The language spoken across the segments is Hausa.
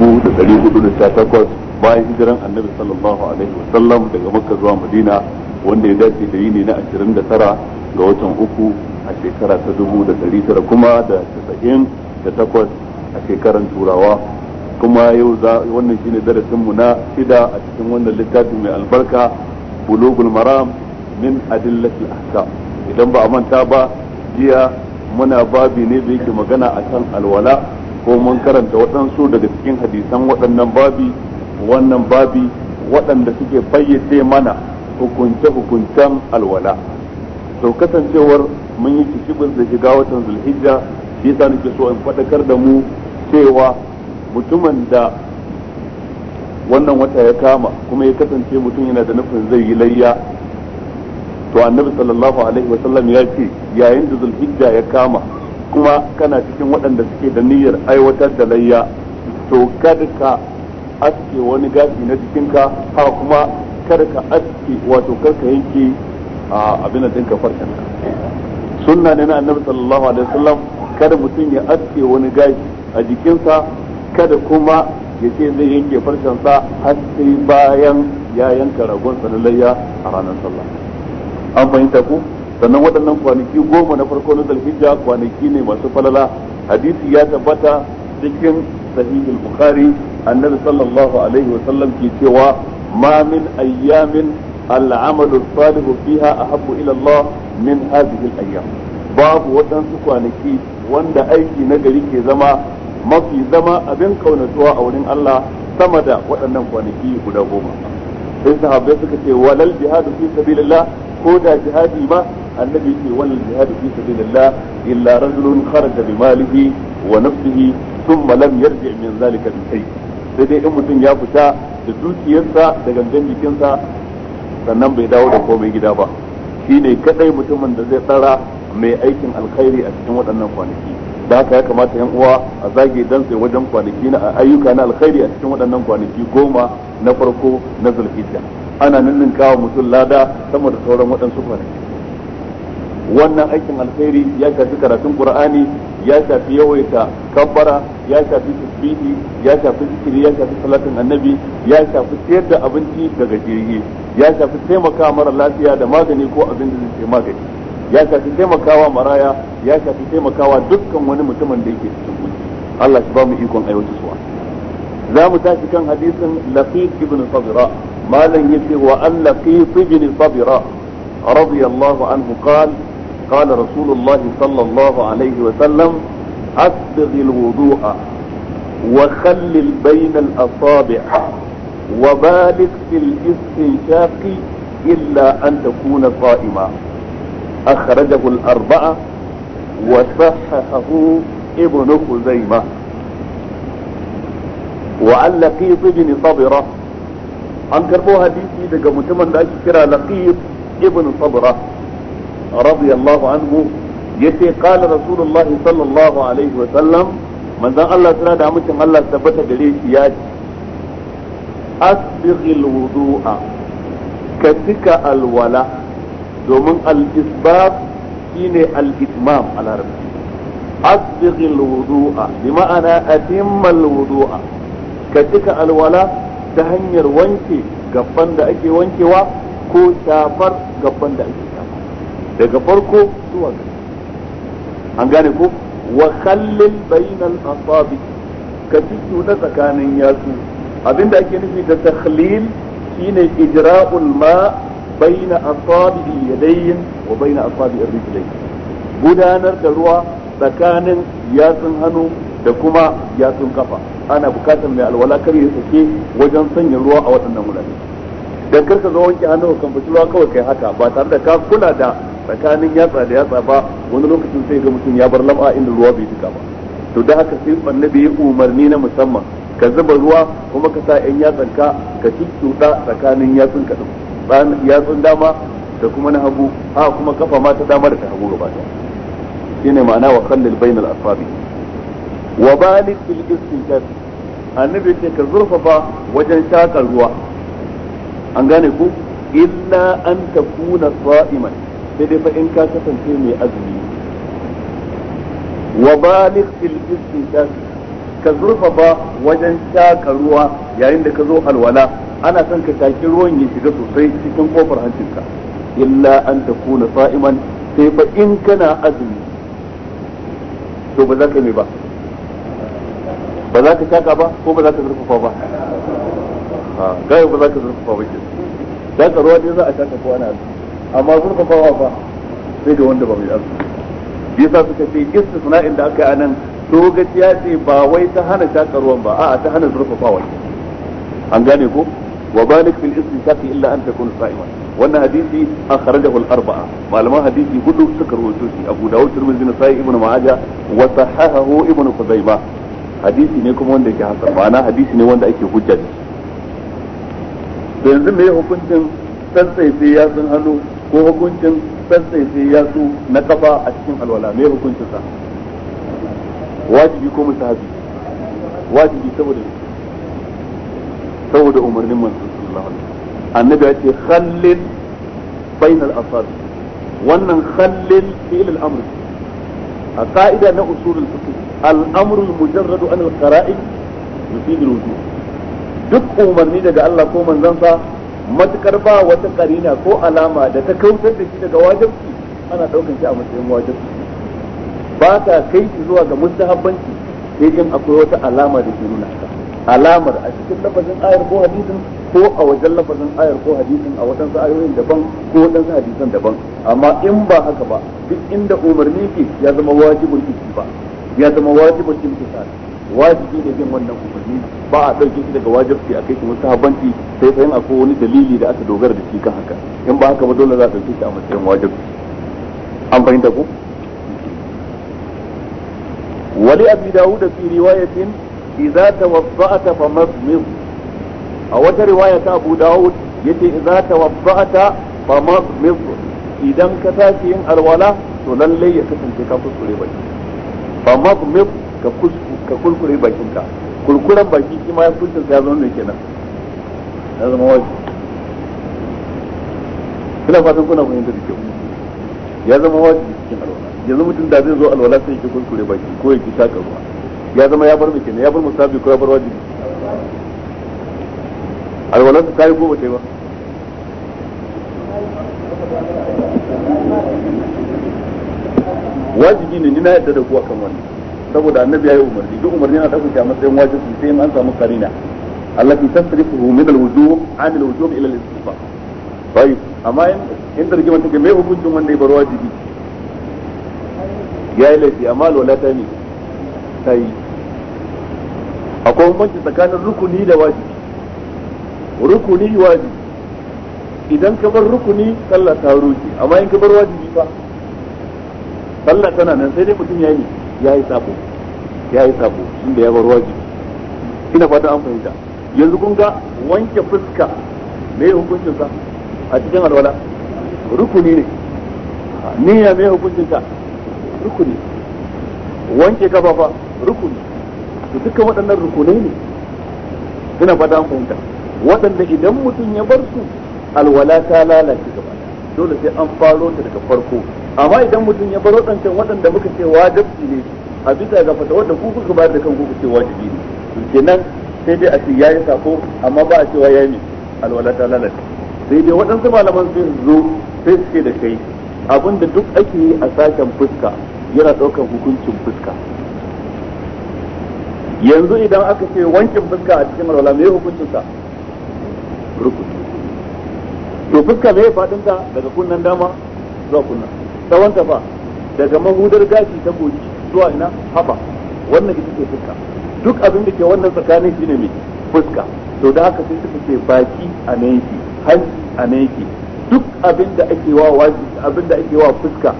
dubu bayan hijiran annabi sallallahu alaihi wa sallam daga makka zuwa madina wanda ya dace da yini na 29 ga watan uku a shekara ta 1900 kuma da 98 a shekaran turawa kuma yau wannan shine darasinmu na shida a cikin wannan littafi mai albarka bulugul maram min adillatil ahkam idan ba a manta ba jiya muna babi ne da yake magana akan alwala ko mun karanta waɗansu daga cikin hadisan waɗannan babi wannan babi waɗanda suke fayyace mana hukunce-hukuncen alwala to kasancewar mun yi kishibin da shiga watan zulhijja shi sa nake so in faɗakar da mu cewa mutumin da wannan wata ya kama kuma ya kasance mutum yana da nufin zai yi layya to annabi sallallahu alaihi wasallam ya ce yayin da zulhijja ya kama kuma kana cikin waɗanda suke da niyyar aiwatar da layya to kada ka aske wani gashi na jikinka ha kuma kada ka aske wato karka yanke abin da dinka farkan sunna ne na annabi sallallahu alaihi wasallam kada mutum ya aske wani gashi a jikinsa kada kuma ya ce zai yanke farkansa har sai bayan ya yanka ragon sanallayya a ranar sallah an fahimta ku sannan waɗannan kwanaki goma na farko na zalhijja kwanaki ne masu falala hadisi ya tabbata cikin sahihul bukhari annabi sallallahu alaihi wasallam ke cewa ma min ayyamin al'amalu salihu fiha ahabbu ila Allah min hadhihi al-ayyam babu waɗansu kwanaki wanda aiki na gari ke zama mafi zama abin kaunatuwa a wurin Allah sama da waɗannan kwanaki guda goma sai sahabbai suka ce walal jihadu fi sabilillah ko da jihadi ma annabi ce wal jihadu fi sabilillah illa rajulun kharaja bi malihi wa nafsihi thumma lam yarji min zalika bi shay sai dai in mutum ya fita da dukiyarsa da gangan jikinsa sannan bai dawo da komai gida ba shine kadai mutumin da zai tsara mai aikin alkhairi a cikin waɗannan kwanaki da haka ya kamata yan uwa a zage dan sai wajen kwanaki na ayyuka na alkhairi a cikin waɗannan kwanaki goma na farko na zulhijja ana kawo mutum lada sama da sauran waɗansu kwanaki wannan aikin alkhairi ya shafi karatun qur'ani ya shafi yawaita kabbara ya shafi tasbihi ya shafi zikiri ya shafi salatin annabi ya shafi sayar da abinci daga jirgi ya shafi taimaka mara lafiya da magani ko abin da zai magani ya shafi taimakawa maraya ya shafi taimakawa dukkan wani mutumin da yake cikin kunci Allah shi ba mu ikon aiwata suwa za mu tashi kan hadisin laqit ibn sabira malam yace wa an laqit ibn sabira radiyallahu anhu qala قال رسول الله صلى الله عليه وسلم أسبغ الوضوء وخلل بين الأصابع وبالغ في الاستنشاق إلا أن تكون صائما أخرجه الأربعة وصححه ابن خزيمة وعن لقيط بن صبرة عن دي حديثي دقا متمن لأشكرا لقيط ابن صبرة radiyallahu anhu yace qala rasulullah sallallahu alaihi wa sallam manzon Allah sana da mutum Allah tabbata gare shi ya ce asbighil wudu'a ka alwala domin al shine al-itmam a larabci asbighil wudu'a bi ma'ana atimmal wudu'a ka alwala ta hanyar wanke gaban ake wankewa ko shafar ake daga farko zuwa an gane ko wa khallil bainal asabi ka na tsakanin yatsu abinda ake nufi da takhlil shine ijra'ul ma baina asabi yadayn wa baina asabi rijlayn gudanar da ruwa tsakanin yatsun hannu da kuma yatsun kafa ana bukatar mai alwala kar ya sake wajen sanya ruwa a waɗannan wurare da karka zo wanke hannu kan fici ruwa kawai kai haka ba tare da ka kula da tsakanin yatsa da yatsa ba wani lokacin sai ga mutum ya bar lam'a inda ruwa bai duka ba to da haka sai annabi ya umarni na musamman ka zuba ruwa kuma ka sa yan yatsanka ka ka tuttuɗa tsakanin yatsun ka yatsun dama da kuma na hagu a kuma kafa ma ta dama da ta hagu gaba ɗaya shine ma'ana wa khallil bainal asfabi wa balik fil istinshaq annabi ce ka zurfafa wajen shakar ruwa an gane ku illa an takuna sa'iman sai dai fa in ka kasance mai azumi wa baligh fil istinshaq ka zurfafa wajen shaka ruwa yayin da ka zo alwala ana son ka shaki ruwan ya shiga sosai cikin kofar hancinka illa an takuna sa'iman sai fa in kana azumi to ba za ka mai ba ba za ka shaka ba ko ba za ka zurfafa ba gaya ba za ka zurfafa ba ke za ka ruwa ne za a shaka ko ana azumi amma zurfafawa ba sai ga wanda ba mai azumi yasa suka ce istisna'in da aka yi anan dogaciya ce ba wai ta hana ruwan ba a'a ta hana zurfafawa an gane ko wa balik fil istisaqi illa an takuna sa'iman wannan hadisi akhrajahu al arba'a malaman hadisi hudu suka rawaito shi Abu Dawud Tirmidhi Nasa'i ibnu Majah wa sahahahu ibnu Khuzaimah hadisi ne kuma wanda yake hasan ma'ana hadisi ne wanda ake hujja da shi yanzu me hukuncin tsantsai sai ya san hannu ko hukuncin tsaitsai ya su na kafa a cikin alwala mai hukuncin sa wajibi ko musahabi wajibi saboda saboda umarnin manzo sallallahu alaihi annabi ya ce khallil bainal asabi wannan khallil fi'il al-amr a ka'ida na usulul fiqh al-amr al-mujarrad an al-qara'id yufidu al-wujub duk umarni daga Allah ko manzon sa matukar ba wata karina ko alama da ta kautar da shi daga wajibci ana daukan shi a matsayin wajibci ba ta kai shi zuwa ga mustahabbanci sai in akwai wata alama da ke nuna ta alamar a cikin lafazin ayar ko hadisin ko a wajen lafazin ayar ko hadisin a wadansu ayoyin daban ko wadansu hadisan daban amma in ba haka ba duk inda umarni ke ya zama wajibin ba ya zama wajibin imtisal wajibi ne bin wannan umarni ba a ɗauke shi daga wajibci a kai shi musahabanci sai tsayin akwai wani dalili da aka dogara da shi kan haka in ba haka ba dole za a ɗauke shi a matsayin wajibci an fahimta ko wali abi dawud fi riwayatin idza fa mazmiz a wata riwaya ta abu dawud yace idza fa mazmiz idan ka tashi yin alwala to lalle ya kasance ka kuskure bai mazmiz ka kurkure bakinka kurkuren baki shi ma ya sa ya zama mai kenan ya zama wajibi ina fatan kuna fahimta da kyau ya zama wajibi cikin alwala yanzu mutum da zai zo alwala sai ya kurkure baki ko ya ki shaka ruwa ya zama ya bar mai kenan ya bar musabi ko ya bar wajibi alwala ta yi ko ba yi ba wajibi ne ni na yadda da kuwa kan wannan saboda annabi ya yi umarni duk umarni ana ɗaukar shi a matsayin wajibi sai in an samu karina allati tasrifuhu min al-wujub an al-wujub ila al-istifa bai amma in in dargi mata mai hukuncin wanda ya bar wajibi ya yi laifi amma lola ta ne ta yi akwai hukunci tsakanin rukuni da wajibi rukuni wajibi idan ka bar rukuni sallah ta rushe amma in ka bar wajibi fa sallah tana nan sai dai mutum ya yi ya yi sabo ya yi sabo inda ya bar wajibi ina fata an fahimta yanzu kun ga wanke fuska me hukuncin sa a cikin alwala rukuni ne niyya me hukuncin ka rukuni wanke kafafa rukuni to dukkan waɗannan rukunai ne ina fata an fahimta waɗanda idan mutum ya bar su alwala ta lalace gaba dole sai an faro ta daga farko amma idan mutum ya bar waɗancan waɗanda muka ce wajibi ne a bisa ga fata wanda ku kuka bayar da kan ku ce wajibi ne to kenan sai dai a ce yayi sako amma ba a cewa yayi ne alwala ta lalata sai dai waɗansu malaman sai su zo sai su ce da kai abinda duk ake yi a sashen fuska yana ɗaukar hukuncin fuska yanzu idan aka ce wankin fuska a cikin alwala me hukuncin sa to fuska me faɗin ta daga kunnan dama zuwa kunnan tsawon ta ba daga mahudar gashi ta goji zuwa ina haba wannan ita ce fuska duk abin da ke wannan tsakanin shine mai fuska to da haka sai suka ce baki a nan yake hanci a nan yake duk abin da ake wa waji abin da ake wa fuska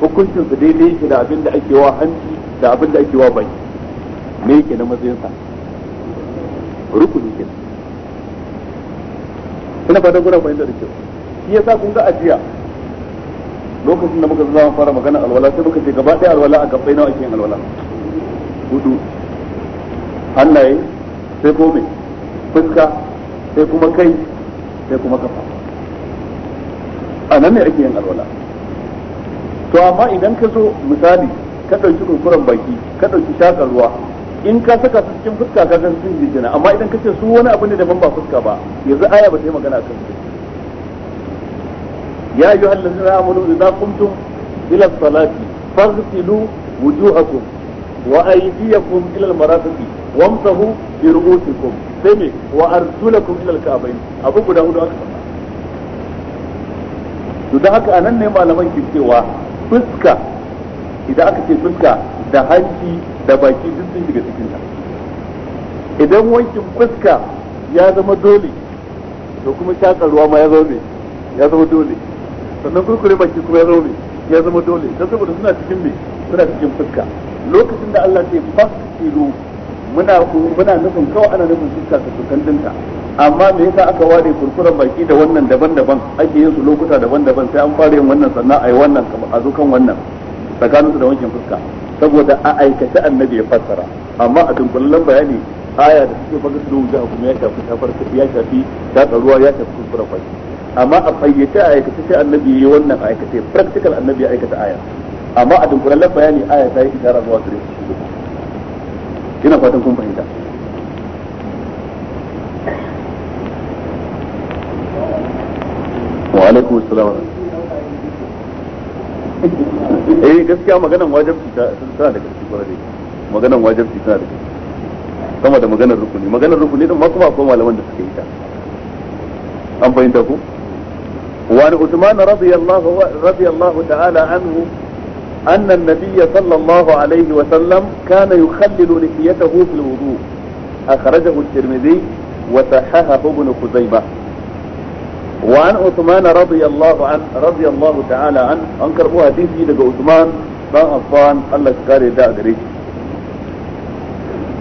hukuncin su daidai yake da abin da ake wa hanci da abin da ake wa baki me yake na matsayin sa rukuni ke ina fatan gura fahimta da kyau shi yasa kun ga ajiya lokacin da muka zama fara magana alwala sai muka ce gaba ɗaya alwala a gabbai nawa ake yin alwala hudu hannaye sai kome fuska sai kuma kai sai kuma kafa a nan ne ake yin alwala to amma idan ka zo misali ka ɗauki kurkuren baki ka ɗauki shakar ruwa in ka saka su cikin fuska ka ga sun jijjina amma idan ka ce su wani abu ne daban ba fuska ba yanzu aya ba ta yi magana kan su يا أيها الذين آمنوا إذا قمتم إلى الصلاة فاغسلوا وجوهكم وأيديكم إلى المرافق وامسحوا برؤوسكم سمي وأرجلكم إلى الكعبين أبوك داود أكثر to da haka anan ne malaman ke cewa fuska idan aka ce fuska da hanci da baki duk sun shiga cikin ta idan wankin fuska ya zama dole to kuma shaka ruwa ma ya zama ya zama dole sannan kurkure baki kuma ya zama ya zama dole don saboda suna cikin me suna cikin fuska lokacin da Allah ce fasilu muna muna nufin kawai ana nufin fuska ta tukan dinta amma me yasa aka ware kurkuren baki da wannan daban-daban ake yin su lokuta daban-daban sai an fara yin wannan sannan a yi wannan a zo kan wannan tsakanin su da wankin fuska saboda a aikata annabi ya fassara amma a dunkulallen bayani aya da suke fassara da a kuma ya shafi ya tafi ya shafi ya tafi ruwa ya shafi kurkuren baki amma a fayyace a aikace sai annabi yi wannan aikace practical annabi ya aikata aya amma a dunkulallen bayani aya ta yi isara zuwa su shi ina fatan kun fahimta wa alaikum assalam eh gaskiya maganan wajibi ta tana da gaskiya kwarai maganan wajibi tana da sama da maganar rukuni maganar rukuni din ma kuma akwai malaman da suka yi ta an fahimta ku وعن عثمان رضي الله رضي الله تعالى عنه أن النبي صلى الله عليه وسلم كان يخلل لحيته في الوضوء أخرجه الترمذي وصححه ابن خزيمة وعن عثمان رضي الله عنه رضي الله تعالى عنه أنكر هو حديثي لك عثمان بن عفان الله كاري دا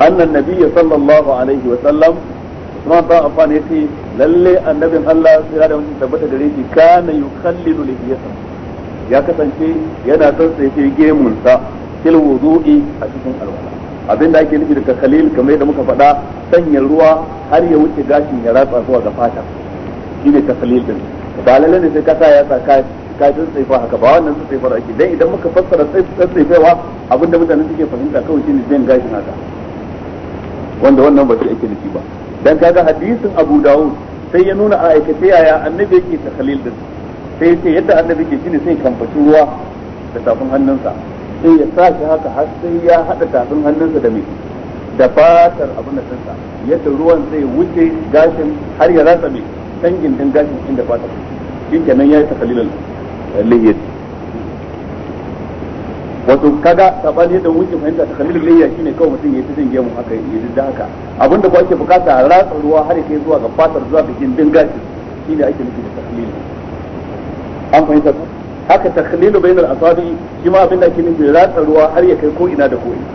أن النبي صلى الله عليه وسلم Usman ba amfani ya ce lalle annabin Allah sai da mutum tabbata gare shi kana yukhallilu lihiyata ya kasance yana son sai ke gemun sa til wudu'i a cikin alwala abin da ake nufi da khalil kamar yadda muka faɗa sanya ruwa har ya wuce gashin ya ratsa zuwa ga fata shine khalil din ba lalle ne sai ka sa ya tsaka ka ji fa haka ba wannan sai fa ake dan idan muka fassara sai fa abinda mutane suke fahimta kawai ne zai gashin haka wanda wannan ba shi ake nufi ba dan kaga hadisin Abu Dawud sai ya nuna a aikace yaya annabi yake khalil din sai yace yadda annabi ke shine sai kamfaci ruwa da tafin hannunsa sai ya sa shi haka har sai ya hada tafin hannunsa da mai da fatar abin da sansa yadda ruwan zai wuce gashin har ya ratsa mai dangin din gashin inda fatar shi kenan yayi khalil lihyati wato kaga sabani da wuce fahimta ta kalilin layya shine kawai mutum ya yi cikin gemu haka ya yi da haka abinda ba ake bukata ratsa ruwa har kai zuwa ga fatar zuwa bikin gindin gashi shine ake nufi da tahlil an fahimta ku haka takhlilu bainal asabi shi ma abinda ake nufi ratsa ruwa har ya kai ko ina da ko ina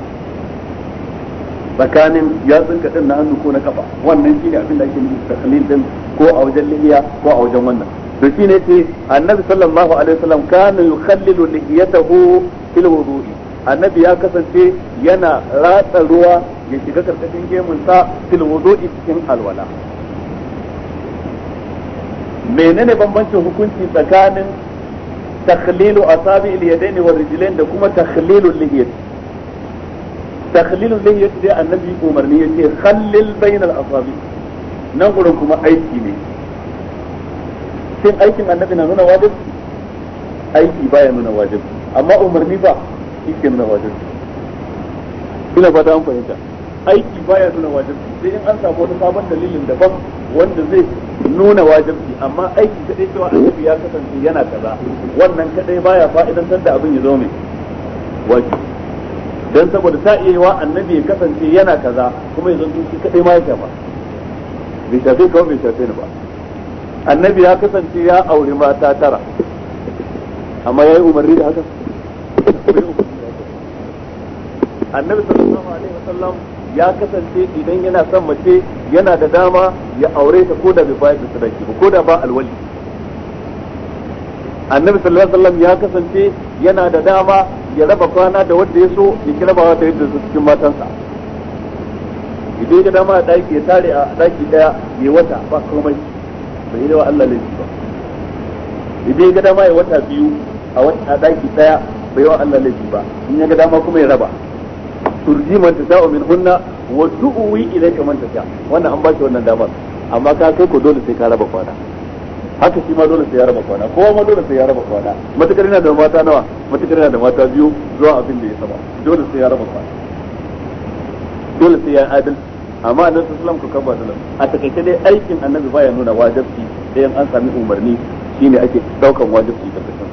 tsakanin yatsun kaɗan na hannu ko na kafa wannan shine abinda ake nufi da tahlil din ko a wajen lihiya ko a wajen wannan to shine ce annabi sallallahu alaihi wasallam kana yukhallilu lihiyatahu fil wudu'i annabi ya kasance yana ratsa ruwa ya shiga karkashin gemun sa fil wudu'i cikin alwala menene bambancin hukunci tsakanin takhlilu asabi al-yadayn wa rijlain da kuma takhlilu lihiyat takhlilu lihiyat dai annabi umarni yace khallil bainal asabi nan gurin kuma aiki ne sai aikin annabi na nuna wajibi aiki baya nuna wajibi amma umarni ba yake nuna wajen ina fata an fahimta aiki baya nuna wajen sai in an samu wani sabon dalilin daban wanda zai nuna wajibi amma aiki kadai cewa annabi ya kasance yana kaza wannan kadai baya fa'idan da abin ya zo mai wajibi dan saboda ta iya wa annabi ya kasance yana kaza kuma ya zanto shi kadai ma ya shafa bai shafe kawai bai shafe ni ba annabi ya kasance ya aure mata tara amma ya yi umarni da haka annabi sallallahu alaihi wasallam ya kasance idan yana son mace yana da dama ya aure ta ko da bai bayar da sadaki ba ko da ba alwali annabi sallallahu alaihi wasallam ya kasance yana da dama ya raba kwana da wanda ya so ya ki rabawa da yadda su cikin matansa idan ya dama a daki ya tare a daki daya ya wata ba komai bai yi da wa Allah laifi ba idan ya dama ya wata biyu a daki daya bai wa Allah laifi ba in ya ga dama kuma ya raba turji man tasha min hunna wa tu'wi ilayka man tasha wannan an baki wannan damar amma ka kai ko dole sai ka raba kwana haka shi ma dole sai ya raba kwana kowa ma dole sai ya raba kwana matukar yana da mata nawa matukar yana da mata biyu zuwa abin da ya saba dole sai ya raba kwana dole sai ya adal amma annabi sallallahu alaihi wasallam ka a takaice dai aikin annabi baya nuna wajibi sai an sami umarni shine ake daukan wajibi da kasan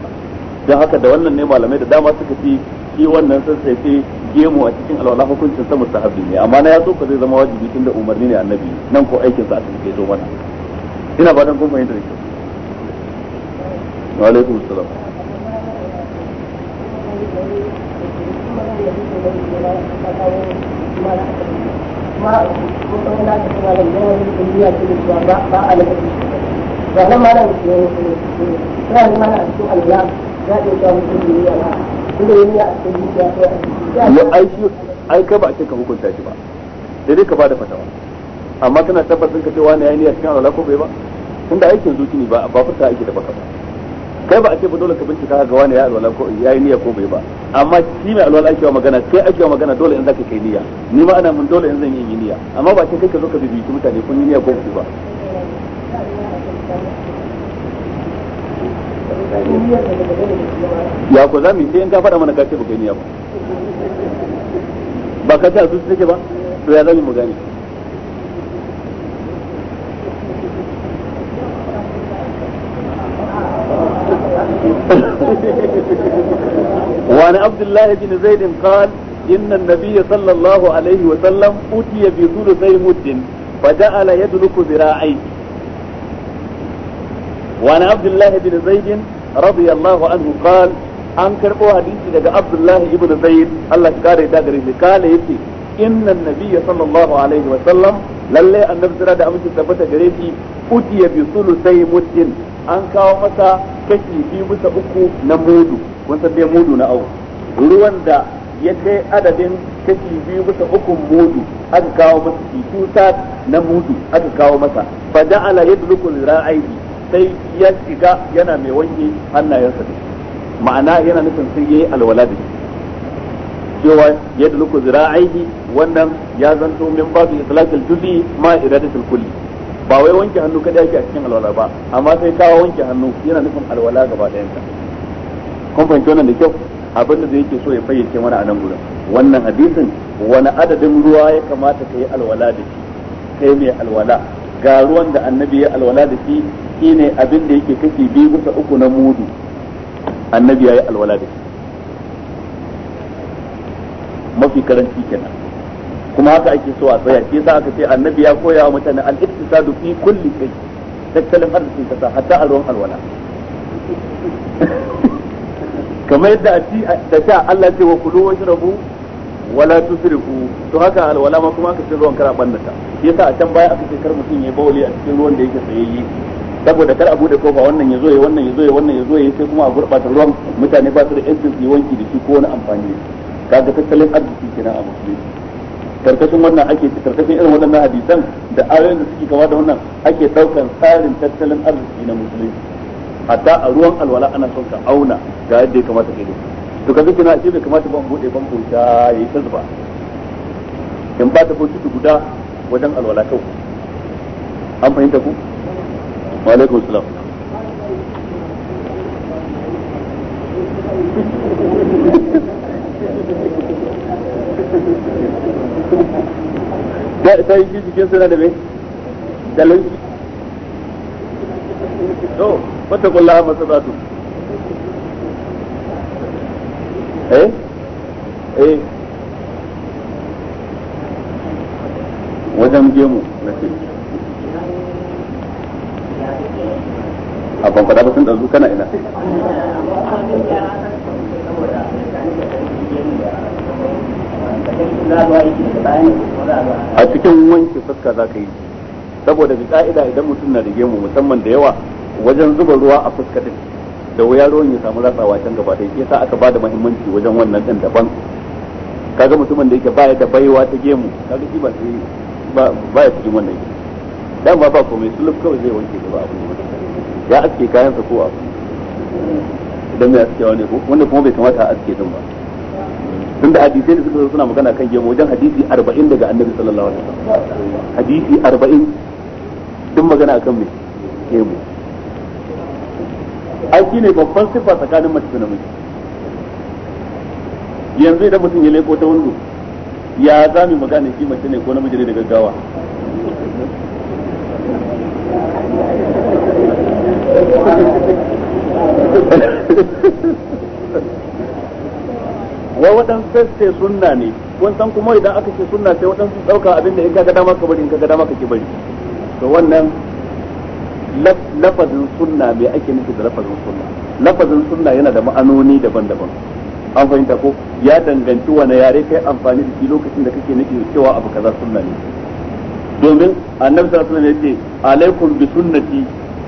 don haka da wannan ne malamai da dama suka fi shi wannan fi gemu a cikin alwala hukuncin samun mustahabi ne amma na so ka zai zama wajibi tunda umarni ne annabi nan ko aikin sa a cikin zo mana ina fatan kuma yin da kyau wa alaikum assalam ba a ya aiki ai ka ba a ce ka hukunta shi ba sai dai ka ba da fatawa amma kana tabbatar ka cewa ne ya niyya cikin alwala bai ba tunda aikin zuci ne ba ba fata aiki da baka ba kai ba a ce ba dole ka bincika ga wani ya alwala ko ya yi niyya ko bai ba amma shi mai alwala ake magana kai ake magana dole in zaka kai niyya ni ma ana mun dole in zan yi niyya amma ba ce kai ka zo ka bibiyi mutane kun yi niyya ko ba ya ko za mu sai in ka faɗa mana ka ce ba gani ba ba ka ce a zuci take ba to ya zami mu gane وعن عبد الله بن زيد قال إن النبي صلى الله عليه وسلم أتي بثلثي مد فجعل يدلك ذراعيه وعن عبد الله بن زيد رضي الله عنه قال an karɓo hadisi daga Abdullah ibn Zaid Allah ya yace inna nabiyya sallallahu annabi sira da amince tabbata gare shi utiya bi sulusai an kawo masa kashi da ya kai adadin kashi biyu bisa uku mudu na mudu aka kawo masa ra'ayi sai ya shiga yana mai wanke hannayensa da ma'ana yana nufin sai yi alwala da shi cewa ya zira zira'aihi wannan ya zanto min ba su islakil juz'i ma iradatul kulli ba wai wanke hannu kada yake a cikin alwala ba amma sai kawo wanke hannu yana nufin alwala gaba ɗayan ta kun fahimci wannan da kyau abin da yake so ya fayyace mana a nan gurin wannan hadisin wani adadin ruwa ya kamata ka yi alwala da shi kai mai alwala ga ruwan da annabi ya alwala da shi shine abin da yake kashi biyu bisa uku na mudu annabi ya yi alwala da shi mafi karanci kenan kuma haka ake so a tsaya shi yasa aka ce annabi ya koya wa mutane al-iktisadu fi kulli shay tattalin arzikin kasa hatta a ruwan alwala kamar yadda a ci da sha Allah ce wa kulu wa shrabu wala tusrifu to haka alwala ma kuma aka ce ruwan kar a ta yasa a can baya aka ce kar mutum ya bawali a cikin ruwan da yake tsayayye saboda kar a bude kofa wannan ya zo ya wannan ya zo ya wannan ya zo ya sai kuma a gurbata ruwan mutane ba su da yancin su wanki da shi ko wani amfani kaga tattalin arziki kenan a musulunci karkashin wannan ake karkashin irin waɗannan hadisan da ayoyin da suke kama da wannan ake daukan tsarin tattalin arziki na musulunci hatta a ruwan alwala ana son ka auna ga yadda ya kamata kai da to kaga kina shi bai kamata ban bude ban bude ya yi kazba in ba ta bokiti guda wajen alwala kau an fahimta ku wa alaikum salam ta yi jikin suna da mai dalilin to wata kullaha masu zatu eh wajen gemu na ce a kwamfada ba sun ɗazu kana ina a cikin wanke fuska za ka yi saboda bi ka'ida idan mutum na da gemu musamman da yawa wajen zuba ruwa a fuska da wuya ruwan ya samu ratsawa can gaba ya yasa aka ba da mahimmanci wajen wannan ɗin daban kaga mutumin da yake baya da baiwa ta gemu kaga shi ba sai ba ya cikin wannan dan ba ba komai sulub kawai zai wanke gaba abu ya aske kayan sa ko abu idan mai aske wani ko wanda kuma bai kamata a aske din ba tun da hadisai da suka zo suna magana kan gemu wajen hadisi arba'in daga annabi sallallahu alaihi wasallam hadisi arba'in duk magana akan mai gemu aiki ne babban sifa tsakanin mace da namiji yanzu idan mutum ya leko ta wando ya za mu magana shi mace ne ko namiji ne da gaggawa wa waɗansu sai sunna ne kun san kuma idan aka ce sunna sai waɗansu ɗauka abinda in ka ga dama ka bari in ka ga dama ka ki bari to wannan lafazin sunna mai ake nufi da lafazin sunna lafazin sunna yana da ma'anoni daban-daban an fahimta ko ya danganci wani yare kai amfani da shi lokacin da kake nake cewa abu kaza sunna ne domin annabi sallallahu alaihi wasallam yace alaikum bi sunnati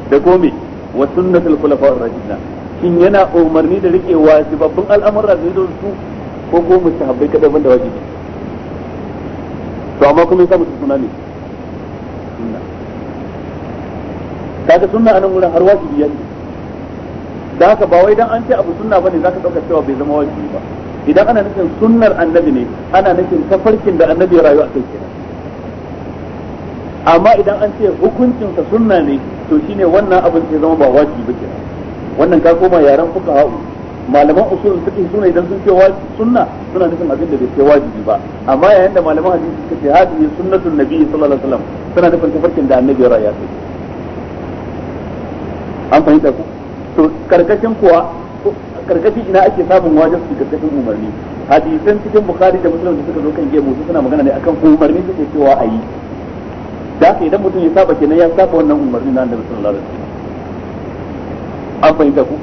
da komi wa sunnatul khulafa ar-rashidin shin yana umarni da rike wajibabbin al'amuran da yadda su ko ko mustahabbai kada banda wajibi to amma kuma yasa musu suna ne sunna kaga sunna anan wurin har wajibi yake da haka ba wai dan an ce abu sunna bane zaka dauka cewa bai zama wajibi ba idan ana nufin sunnar annabi ne ana nufin tafarkin da annabi ya rayu a kai kenan amma idan an ce hukuncin sa sunna ne to shine wannan abin sai zama ba wajibi ba kenan wannan ka koma yaran fuka fuqaha malaman usulun fiqh suna idan sun ce wajibi sunna suna nufin abin da bai ce wajibi ba amma yayin da malaman hadisi suka ce hadisi sunnatul nabi sallallahu alaihi wasallam suna nufin tafarkin da annabi ya rayu a kai an fahimta ku to karkashin kuwa karkashin ina ake samun wajen su karkashin umarni hadisan cikin bukhari da muslim da suka zo kan gemu suna magana ne akan umarni suke cewa a yi da haka idan mutum ya saba kenan ya saba wannan umarni na annabi sallallahu alaihi wasallam an fahimta ku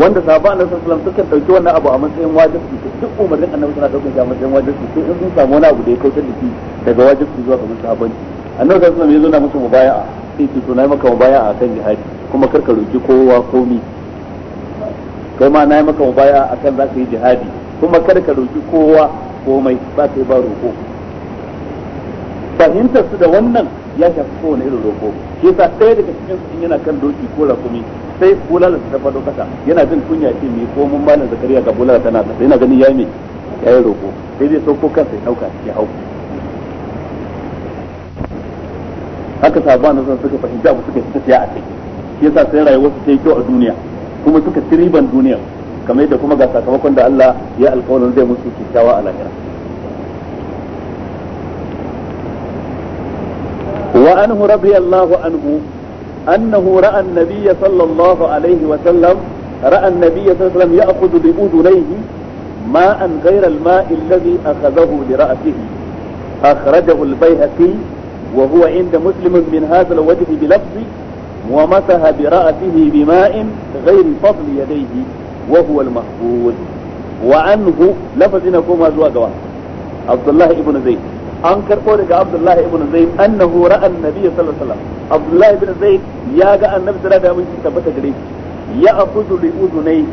wanda sahaba annabi sallallahu alaihi wasallam suka dauki wannan abu a matsayin wajibi duk umarnin annabi sallallahu alaihi wasallam a matsayin wajibi sai in sun samu wani abu da ya kautar da shi daga wajibi zuwa ga musahabanci annabi sallallahu alaihi wasallam ya zo na musu mubaya'a sai ce to na maka mubaya'a kan jihadi kuma karka roki kowa komi kai ma na yi maka mubaya kan za ka yi jihadi kuma karka roki kowa komai ba yi ba roko fahimtar su da wannan ya shafi kowane irin roko shi yasa ɗaya daga cikin su yana kan doki ko rakumi sai bulala ta fado kasa yana jin kunya ce mai ko mun zakariya ga bulala tana kasa yana ganin ya ya yi roko sai zai sauko kansa ya dauka ya hau haka sabuwa na suka fahimta ba suka fita a ciki shi yasa sai rayuwar su ta yi kyau a duniya kuma suka ci riban duniya kamar yadda kuma ga sakamakon da Allah ya alƙawarin zai musu kyakkyawa a lahira wa anhu radiyallahu anhu أنه رأى النبي صلى الله عليه وسلم رأى النبي صلى الله عليه وسلم يأخذ بأذنيه ماء غير الماء الذي أخذه لرأسه أخرجه البيهقي وهو عند مسلم من هذا الوجه بلفظ ومسح برأسه بماء غير فضل يديه وهو المحبول وعنه لفظ إن كما زواجوا عبد الله بن زيد أنكر قولك عبد الله بن زيد أنه رأى النبي صلى الله عليه وسلم عبد الله بن زيد يا النبي صلى الله عليه وسلم ثبت قريب يأخذ لأذنيه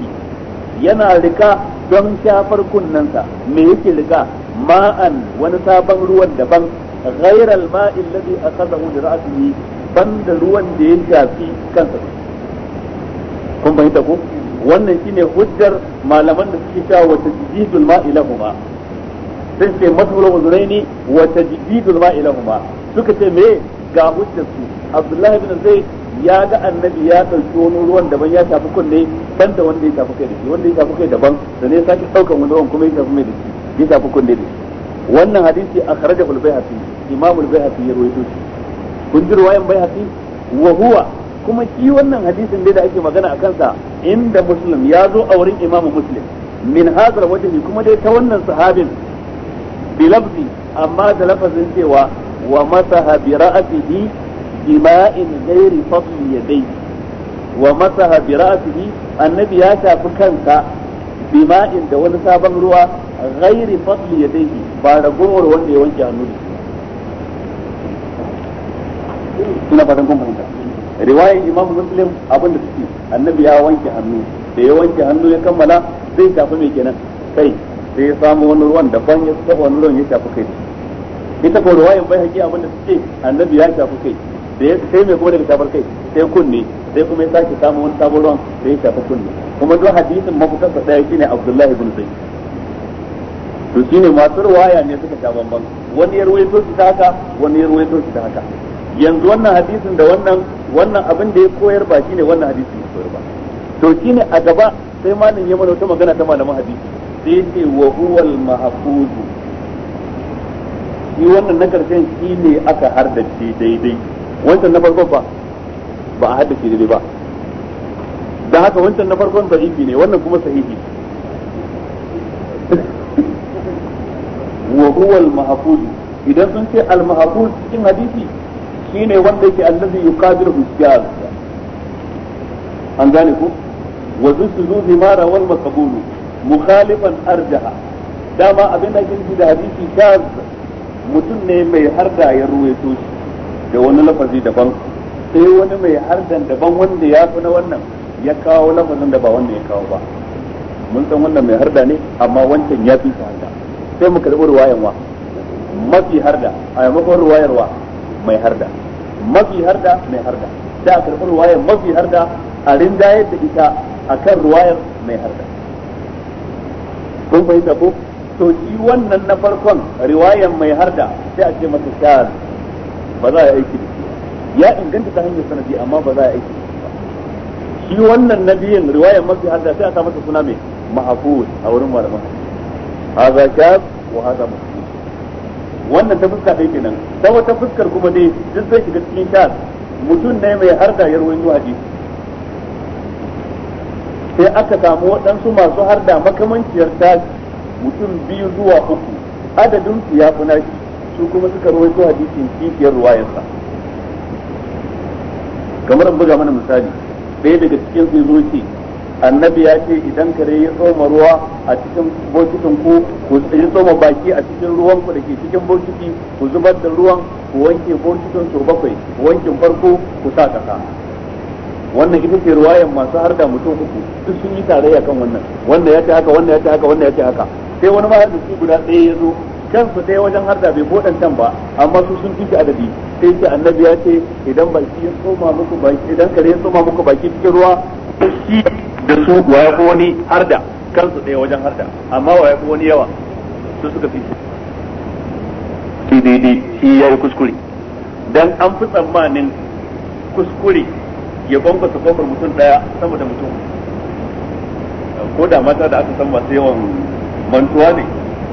yana rika don shafar kunnensa me yake rika ma'an wani sabon ruwan daban ghairal ma'in ladhi akhadahu li ra'sihi da ruwan da ya shafi kansa kun fahimta ko wannan shine hujjar malaman da suke cewa wata jididul ma'ilahuma sun ce mashhurul uzraini wata jididul ma'ilahuma suka ce me ga hujjar su abdullahi ibn Zaid ya ga annabi ya ɗauki wani ruwan daban ya shafi kunne ban da wanda ya shafi kai da shi wanda ya shafi kai daban da ne sake ɗaukan wani ruwan kuma ya shafi mai da shi ya shafi kunne da shi wannan hadisi a kharaja al-bayhaqi imam al-bayhaqi ya rawaito shi kun ji ruwayan bai hasi wa huwa kuma shi wannan hadisin dai da ake magana a kansa inda musulun ya zo a wurin imamu muslim min hazar wajhi kuma dai ta wannan sahabin bilabzi amma da lafazin cewa wa masaha bi ra'atihi bima'in ghairi ya yadayhi wa masa bi ra'atihi annabi ya tafi kansa bima'in da wani sabon ruwa ghairi ya yadayhi ba gomar wanda ya wanke hannu ina fatan kun fahimta riwayar imamu muslim abin da suke annabi ya wanke hannu da ya wanke hannu ya kammala zai shafi mai kenan kai sai ya samu wani ruwan daban ya taɓa wani ruwan ya shafi kai ita ko riwayar bai haƙi abin da suke annabi ya shafi kai da ya sai mai kuma daga shafar kai sai kunne sai kuma ya sake samu wani sabon ruwan da ya shafi kunne kuma duk hadisin mafitarsa ɗaya shine abdullahi bin zaid to shine masu ruwaya ne suka sha bambam wani ya ruwaito shi ta haka wani ya ruwaito shi ta haka yanzu wannan hadisin da wannan wannan abin da ya koyar ba shine wannan hadisin ya koyar ba to shine a gaba sai malam ya mana wata magana ta malaman hadisi sai ce wa huwal mahfuz shi wannan na karshen shi ne aka hardace daidai wancan na farkon ba ba a haddace daidai ba da haka wancan na farkon sahihi ne wannan kuma sahihi wa huwal mahfuz idan sun ce al mahfuz cikin hadisi shine wanda yake allazi yuqadiru bisyar an gane ku wa zuzu zimara wal maqbulu mukhalifan arjaha dama abin da kin da hadisi shaz mutum ne mai harda ya ruwaito shi da wani lafazi daban sai wani mai hardan daban wanda ya fi na wannan ya kawo lafazin da ba wanda ya kawo ba mun san wannan mai harda ne amma wancan ya fi harda sai mu karɓi ruwayan mafi harda a maimakon ruwayarwa mai harda mafi harda mai harda da a karɓi ruwayar mafi harda a rinjayar da ita a kan ruwayar mai harda kun fahimta ko to shi wannan na farkon riwayar mai harda sai a ce masa shahar ba za a aiki da shi ya inganta ta hanyar sanadi amma ba za a aiki shi wannan na biyun riwayar mafi harda sai a sa masa suna mai mahafuz a wurin malaman hadha shahar wa haza mafi wannan ta fuska dai kenan ta wata fuskar kuma dai duk zai shiga cikin tas mutum ne mai har da zuwa ji sai aka samu waɗansu masu har da makamanciyar tas mutum biyu zuwa uku adadin su ya fi shi su kuma suka rawaito hadisin kishiyar ruwayarsa kamar buga mana misali ɗaya daga cikin su zo ce annabi ya ce idan kare ya tsoma ruwa a cikin bokitin ku ku ya tsoma baki a cikin ruwan ku da ke cikin bokiti ku zubar da ruwan ku wanke bokitin sau bakwai wankin farko ku sa kasa wannan ita ce ruwayan masu har da mutum uku duk sun yi tarayya kan wannan wanda ya ce haka wanda ya ce haka wanda ya ce haka sai wani ma har da shi guda ɗaya ya zo kansu ɗaya wajen har da bai bo can ba amma su sun fi adadi sai ce annabi ya ce idan baki ya tsoma muku baki idan kare ya tsoma muku baki cikin ruwa shi da su wa ya wani harda kansu ɗaya wajen harda amma wa ya wani yawa su suka fi shi daidai shi ya yi kuskure dan an fi tsammanin kuskure ya su kofar mutum ɗaya sama da mutum ko da mata da aka san masu yawan mantuwa ne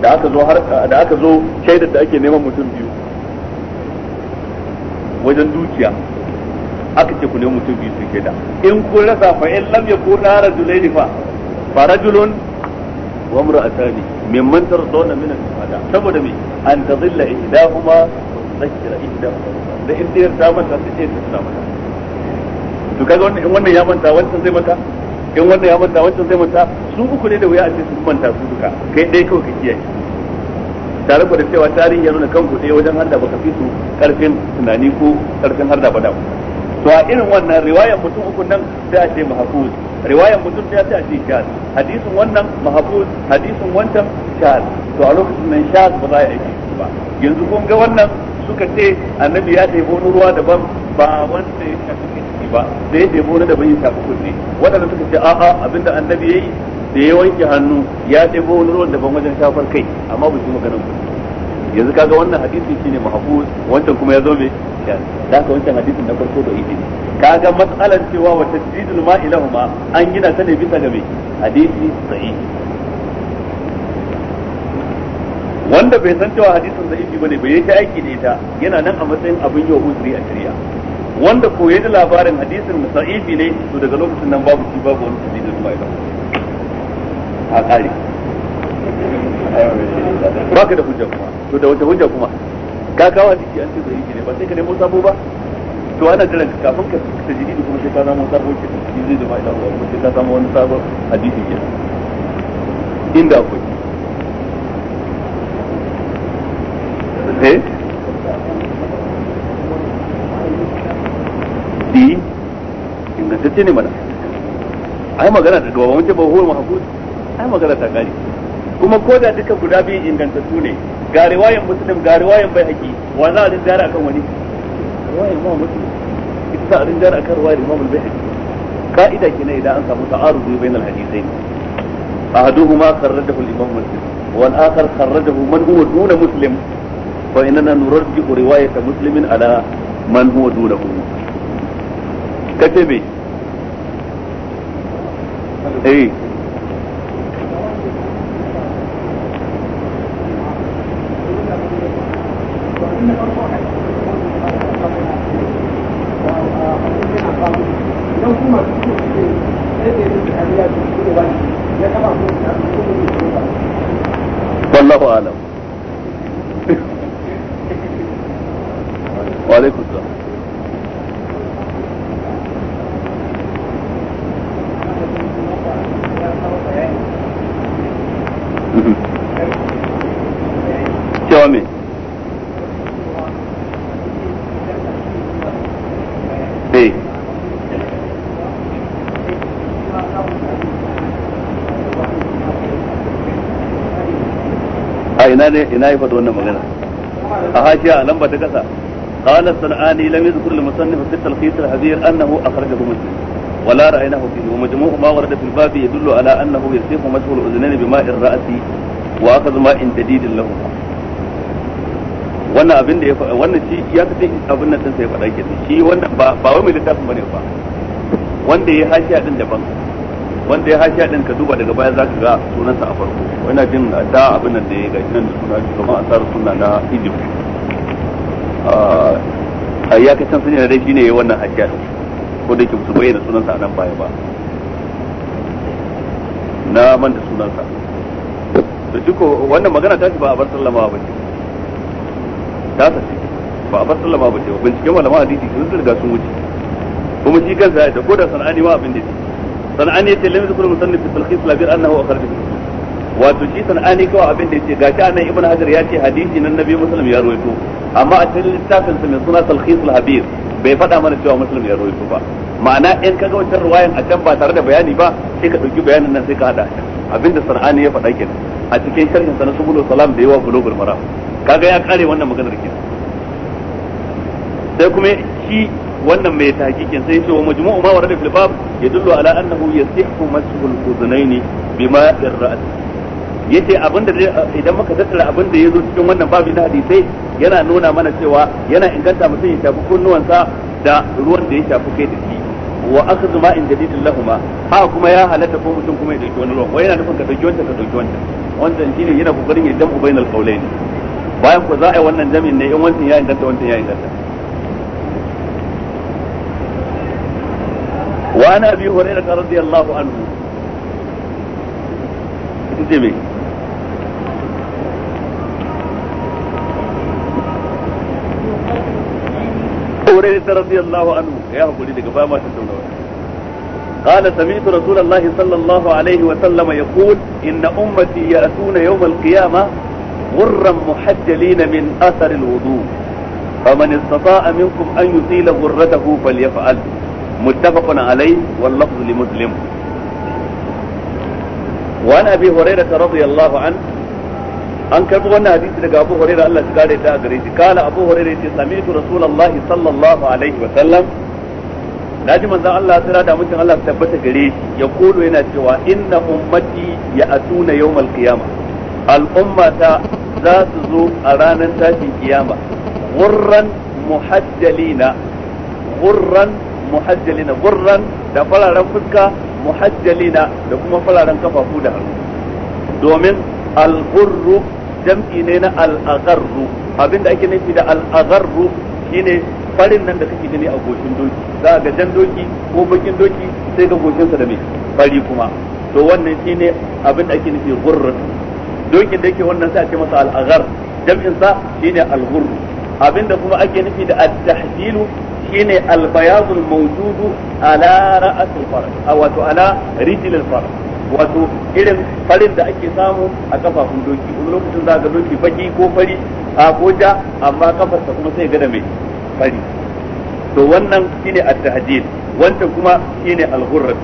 da aka zo har da aka zo shaidar da ake neman mutum biyu wajen dukiya aka ce ku ne mutum biyu su da. in ku rasa fa in lam yakuna rajulaini fa fa rajulun wa imra'atani mimman tardawna min al-fuqaha saboda me an tadilla ihdahuma tadhkira ihdahuma da in diyar ta manta ta ce ta manta to kaga wannan in wannan ya manta wancan zai manta in wannan ya manta wancan zai manta su uku ne da wuya a ce su manta su duka kai dai kawai ka kiyaye tare da cewa tarihi ya nuna kanku ɗaya wajen harda baka fi su karfin tunani ko karfin harda ba da ku to a irin wannan riwayan mutum uku nan sai a ce mahfuz riwayan mutum sai a ce shaz hadisin wannan mahfuz hadisin wancan shaz to a lokacin nan shaz ba za a yi ba yanzu kun ga wannan suka ce annabi ya ɗebo wani ruwa daban ba wanda ya shafi ciki ba da ya ɗebo wani daban ya shafi kunne wadanda suka ce a'a abinda annabi ya yi da ya wanke hannu ya ɗebo wani ruwan daban wajen shafar kai amma ba su maganin yanzu kaga wannan hadisi shine mahfuz wancan kuma ya zo mai isyan da ka wancan hadisin na farko da ka ga matsalan cewa wa tajdidul ma ilahuma an gina ta ne bisa ga me hadisi sahihi wanda bai san cewa hadisin da ibn bane bai yi ta aiki da ita yana nan a matsayin abin yau uzuri a shari'a wanda koyi da labarin hadisin musa'ifi ne to daga lokacin nan babu shi babu wani tajdidul ma ilahuma a kare ka da hujja kuma to da wata hujja kuma ka kawo jiki an ce zai yi ne ba sai ka nemo sabo ba to ana jiran kafin ka ta jini kuma sai ka samu sabo ke shi zai zama ila uwa kuma sai ka samu wani sabon hadisi ke inda akwai eh di ingantacce ne mana ai magana da gaba wancan ba huwa mahfuz ai magana ta kare kuma ko da duka guda biyu ingantattu ne ga riwayan muslim ga riwayan bai haƙi wa za a rinjar akan wani riwayan imam muslim ita za a rinjar akan riwayan imam bai haƙi ka'ida kenan idan an samu ta'arudu bainal hadithain ahaduhuma kharrajahu al-imam muslim wal akhar kharrajahu man huwa dun muslim fa inna nurajjihu riwayata musulmin ala man huwa dunahu kace me eh ne ina wannan magana a hashiya a lamba ta kasa قال الصنعاني لم يذكر المصنف في التلخيص الحذير انه اخرجه مسلم ولا رايناه فيه ومجموع ما ورد في الباب يدل على انه مسح الاذنين بماء الراس واخذ ماء جديد له ya faɗa wannan shi ya kace abin nan din sai faɗa kenan shi wannan ba wanda ya din daban wanda ya hashiya din ka duba daga baya zaka ga sunansa a farko wani jin da abin nan da ya gashi nan suna a tsara suna na Egypt ah, a iyakacin sun yana ne ya yi wannan hashiya din ko da yake su bayyana sunansa a nan baya ba na man da sunansa da duka wannan magana ta ba a bar sallama ba ce ta ce ba a bar sallama ba ce binciken malama hadisi sun riga sun wuce kuma shi kansa ya ta koda ne ma abin da yake sana'ani yace lam yadhkur musannif fi talkhis labir annahu akhrajahu wato shi sana'ani kawai abin da yace gashi anan ibnu hajar ya ce hadisi nan nabi muslim ya rawaito amma a cikin littafin sa mai suna talkhis habir bai faɗa mana cewa muslim ya rawaito ba ma'ana in kaga wancan ruwayan a can ba tare da bayani ba sai ka dauki bayanin nan sai ka hada abinda sana'ani ya faɗa kenan a cikin sharhin sa na subul salam da yawa bulugul maram kaga ya kare wannan maganar kenan sai kuma shi wannan mai tahqiqin sai yace wa majmu'u ma warada fil bab yadullu ala annahu yasihhu mas'ul udhunaini bima ar-ra's yace abinda idan muka tattara abinda yazo cikin wannan babu na hadisai yana nuna mana cewa yana inganta mutum ya shafi kunnuwansa da ruwan da ya shafi kai da shi wa akhdhu ma in jadidin lahuma ha kuma ya halatta ko mutum kuma ya dauki wani ruwan wai yana nufin ka dauki wancan ka dauki wancan wannan shine yana kokarin ya jam'u bainal qawlayn bayan ku za a wannan jami'in ne in wancan ya inganta wancan ya inganta وعن ابي هريره رضي الله عنه انتبه هريره رضي الله عنه يا حقولي لي baya ما قال سمعت رسول الله صلى الله عليه وسلم يقول إن أمتي يأتون يوم القيامة غرا محجلين من أثر الوضوء فمن استطاع منكم أن يطيل غرته فليفعل متفق عليه واللفظ لمسلم وعن ابي هريره رضي الله عنه an karbi wannan hadisi daga Abu Hurairah Allah ya kare ta a gare shi kala Abu Hurairah yace sami'tu Rasulullahi sallallahu alaihi wa naji manzon Allah tsira da mutum Allah tabbata gare shi ya kulu yana cewa inna ummati ya'tuna yau qiyamah al'umma ta za su zo a ranar tashin kiyama gurran muhajjalina wurran muhajjalina gurran da fararen fuska muhajjalina da kuma fararen kafafu da hannu domin al-gurru jam'i ne na al-agharru abinda ake nufi da al-agharru shine farin nan da kake gani a goshin doki za ga jan doki ko bakin doki sai ga sa da me fari kuma to wannan shine abin da ake nufi gurru dokin da yake wannan sai a ce masa al-aghar jam'in sa shine al-ghurr abinda kuma ake nufi da at-tahdilu shine albayazul mawjudu ala ra'asil farq wato ala rijlil farq wato irin farin da ake samu a kafafun doki wani lokacin za ga doki baki ko fari a ko amma kafarsa kuma sai ga da mai fari to wannan shine at-tahdid wancan kuma shine al-ghurrat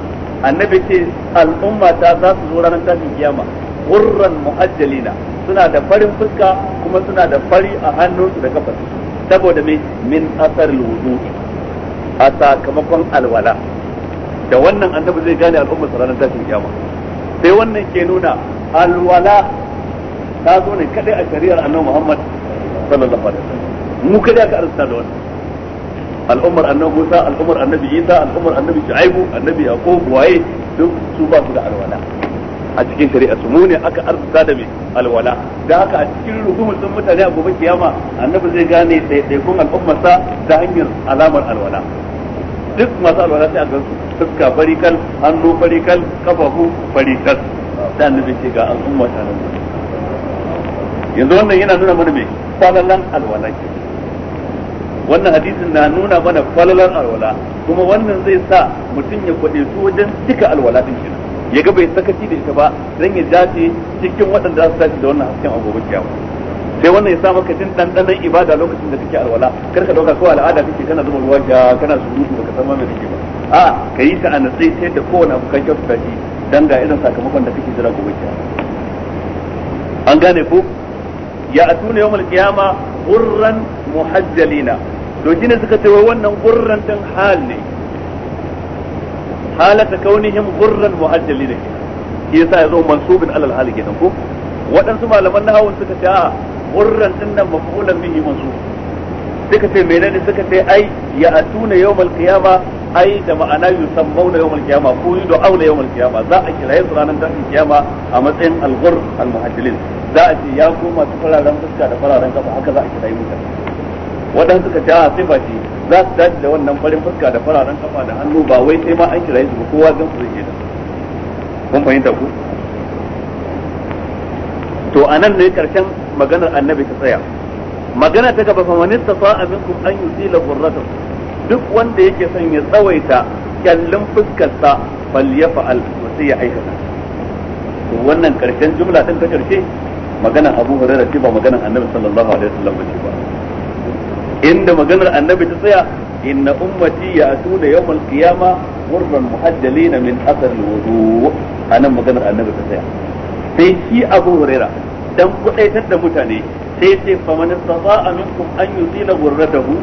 annabi ce al'umma ta za su zo ranar tashin kiyama ghurran mu'ajjalina suna da farin fuska kuma suna da fari a hannunsu da kafarsu saboda me min asar wudu a sakamakon alwala da wannan annabi zai gane al'umma ranar tashin kiyama sai wannan ke nuna alwala ta zo ne kadai a shari'ar annabi Muhammad sallallahu alaihi wasallam mu kadai aka arsa da wannan al'ummar annabi Musa al'ummar annabi Isa al'ummar annabi Shu'aibu annabi Yaqub waye duk su ba su da alwala a cikin shari'a su mu ne aka arzuta da mai alwala da haka a cikin rukumul sun mutane a gobe kiyama annabi zai gane daidaikun al'ummarsa ta hanyar alamar alwala duk masu alwala sai a gansu fuska barikal hannu barikal kafafu barikal da annabi ce ga al'umma ta nan yanzu wannan yana nuna mana mai falalan alwala ke wannan hadisin na nuna mana falalan alwala kuma wannan zai sa mutum ya kwaɗe wajen cika alwala din na. ya ga bai sakaci da ita ba dan ya dace cikin waɗanda za su tashi da wannan hasken a kiyama sai wannan ya sa maka jin ɗanɗanon ibada lokacin da kake alwala kar ka dauka kawai al'ada kake kana zuba ruwa ja kana surutu baka san ma kake ba a ka yi ta a sai ta yadda kowane abu kan kyautata shi dan ga irin sakamakon da kake jira gobe kiyama an gane ko ya atuna yawmal qiyama gurran muhajjalina to shine suka ce wai wannan gurran din hal ne halata kaunihim gurran muhajjalina shi yasa yazo mansubin alal hali kenan ko waɗansu malaman nahawun suka ce a gurran din nan maf'ulan bihi mansub suka ce menene suka ce ai ya atuna yawmal qiyama ai da ma'ana yusammauna yawmal qiyama ko aula yawmal qiyama za a kiraye su ranar tashin kiyama a matsayin al-ghurr al-muhajjalin za a ce ya koma su fararen fuska da fararen kafa haka za a kiraye mutane waɗansu suka ce a sifa ce za su dace da wannan farin fuska da fararen kafa da hannu ba wai sai ma an kira su ba kowa zan su zai da kun fahimta ku to anan ne karshen maganar annabi ta tsaya magana ta gaba fa man istata'a minkum an zila ghurratahu duk wanda yake son ya tsawaita kyallin fuskarsa falyafa'al sai ya aikata to wannan karshen jumla ta karshe maganar Abu Hurairah ce ba maganar Annabi sallallahu alaihi wasallam ba inda maganar annabi ta tsaya inna ummati ya'tuna yawmal qiyama murran muhaddalina min athar al-wudu anan maganar annabi ta tsaya sai shi Abu Huraira dan kudaitar da mutane sai sai faman istata'a minkum an yuzila ghurratahu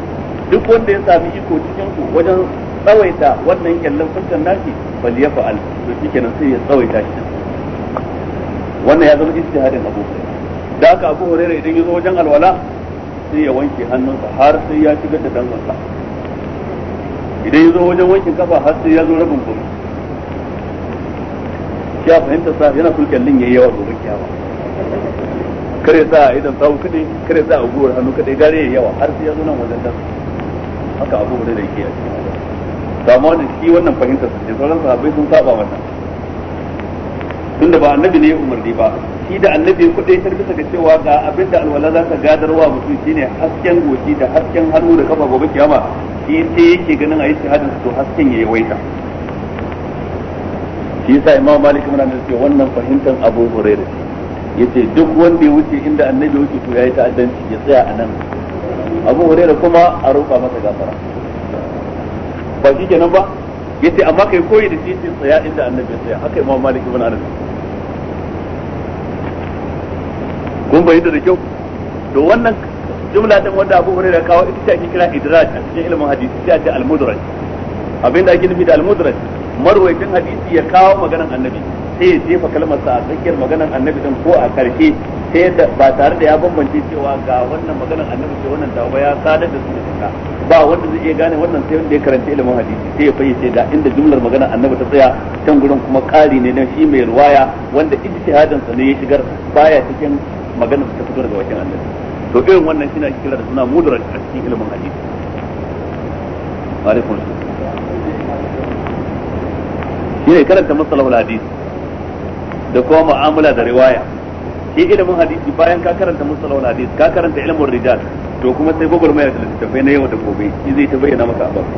duk wanda ya sami iko cikin ku wajen tsawaita wannan kyallan furtan nashi bal ya fa'al to shikenan sai ya tsawaita shi wannan ya zama ijtihadin Abu da aka Abu Huraira idan ya zo wajen alwala sai ya wanke hannunsa har sai ya shigar da dangonsa idan ya zo wajen wankin kafa har sai ya zo rabin gumi shi a fahimta sa yana so kyallin yayi yawa gobe kiyama kare sa a idan sabu kudi kare sa a agogar hannu kadai gare ya yawa har sai ya zo nan wajen dan haka abu da yake a cikin to amma da shi wannan fahimtar sa ne sauran sahabbai sun saba mata tunda ba annabi ne ya umarni ba shi da annabi ya kudaitar bisa ga cewa ga abin da alwala za ta gadarwa mutum shine hasken goshi da hasken hannu da kafa gobe kiyama shi sai yake ganin ayi shahadin su hasken ya yawaita shi yasa imam malik muna da cewa wannan fahimtar abu ya yace duk wanda ya wuce inda annabi ya wuce to yayi ta'addanci ya tsaya a nan abu hurairu kuma a roƙa masa gafara ba shi kenan ba yace amma kai koyi da shi tsaya inda annabi ya tsaya haka imam malik ibn anas mun bayyana da kyau to wannan jumla din wanda Abu Hurairah kawo ita ce ake kira idraj a cikin ilimin hadisi sai a ce al-mudraj da ake nufi da al-mudraj marwayin hadisi ya kawo maganan annabi sai ya jefa kalmar sa a tsakiyar maganan annabi din ko a karshe sai yadda ba tare da ya bambance cewa ga wannan maganan annabi ce wannan da ba ya sadar da su ka ba wanda zai iya gane wannan sai wanda ya karanta ilimin hadisi sai ya fahimce da inda jumlar maganar annabi ta tsaya can gurin kuma kari ne na shi mai ruwaya wanda ijtihadin sa ne ya shigar baya cikin magana ta fito daga wajen annabi to irin wannan shi na kira da suna mudar a cikin ilimin hadisi alaikum shi ne karanta masalahul hadisi da kuma mu'amala da riwaya shi ilimin hadisi bayan ka karanta masalahul hadisi ka karanta ilimin rijal to kuma sai gwagwarmaya da littattafai na yau da gobe shi zai ta bayyana maka abin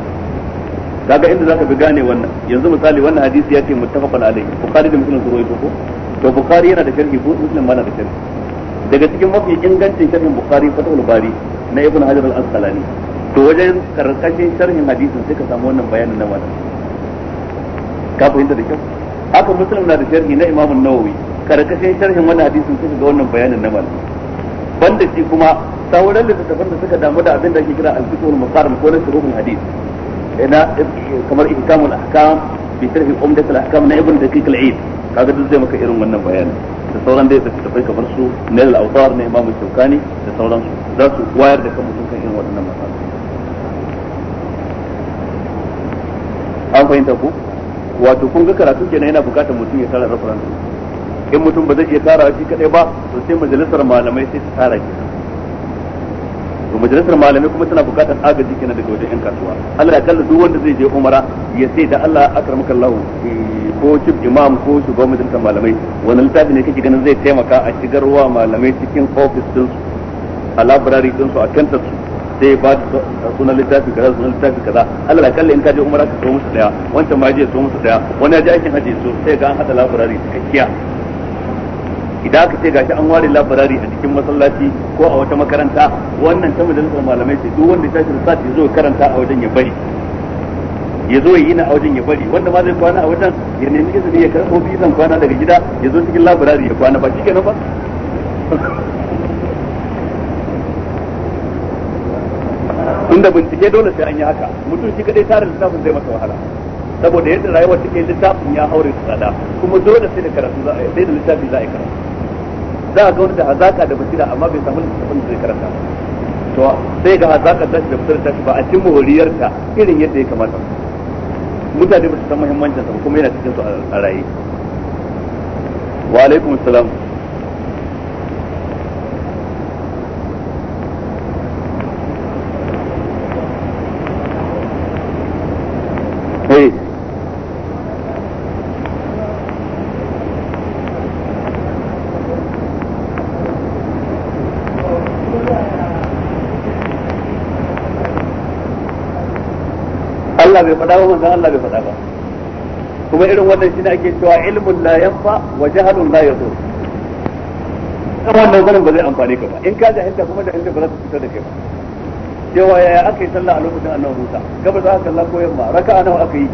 kaga inda zaka bi gane wannan yanzu misali wannan hadisi ya ce muttafaqun alaihi bukhari da muslim su rawaito ko to bukhari yana da sharhi ko muslim ma na da sharhi daga cikin mafi ingancin sharhin bukhari fatul bari na ibnu hajar al asqalani to wajen karkashin sharhin hadisin sai ka samu wannan bayanin na wannan ka fahimta da kyau haka muslim na da sharhi na imam an-nawawi karkashin sharhin wannan hadisin sai ga wannan bayanin na wannan banda shi kuma sauran littattafan da suka damu da abin da ake kira al-fiqhul muqarram ko na shuruhul hadith ina kamar ihkamul ahkam bi tarhi umdat al-ahkam na ibnu dakiq al-eid kaga duk zai maka irin wannan bayanin da sauran dai da tafai kamar su nail autar na imamu shaukani da su za su wayar da kan mutum kan irin waɗannan matsala an fahimta ku wato kun ga karatu kenan yana bukatar mutum ya tara reference in mutum ba zai iya tara shi kadai ba to sai majalisar malamai sai ta tara kenan to majalisar malami kuma tana bukatar agaji kenan daga wajen yan kasuwa Allah ya kalla duk wanda zai je umara ya sai da Allah akramaka Allah eh, ko chief imam ko shugaban majalisar malamai wani littafi ne kake ganin zai taimaka a shigarwa malamai cikin office din su a library din su a kantar su sai ba sunan littafi kaza sunan littafi kaza Allah ya kalla in ka je umara ka so musu daya wancan ma je so musu daya wani ya je aikin haji so sai ga an hada library cikakkiya idan aka ce gashi an ware labarari a cikin masallaci ko a wata makaranta wannan ta majalisar malamai ce duk wanda ta shirya sati zo karanta a wajen ya bari ya zo yi na a wajen ya bari wanda ma zai kwana a wajen ya nemi izini ya karɓo bizan kwana daga gida ya zo cikin labarari ya kwana ba shi kenan ba tunda bincike dole sai an yi haka mutum shi kadai tare littafin zai masa wahala saboda yadda rayuwar take littafin ya haure tsada kuma dole sai da karatu za a yi sai da littafi za a yi karatu za a ga wani da hazaka da basira amma bai samu littafin da zai karanta to sai ga hazaka da da basira ta ba a cin moriyarta irin yadda ya kamata mutane ba su san muhimmancin sa kuma yana cikin su a raye wa alaikum assalam Allah bai faɗa ba manzon Allah bai faɗa ba kuma irin wannan shine ake cewa ilmun la yanfa wa jahlun la yadur ta wannan gurin ba zai amfane ka ba in ka jahilta kuma da inda ba za da kai ba cewa yaya aka yi sallah a lokacin annabi Musa gabar za ka kalla ko yamma raka'a nawa aka yi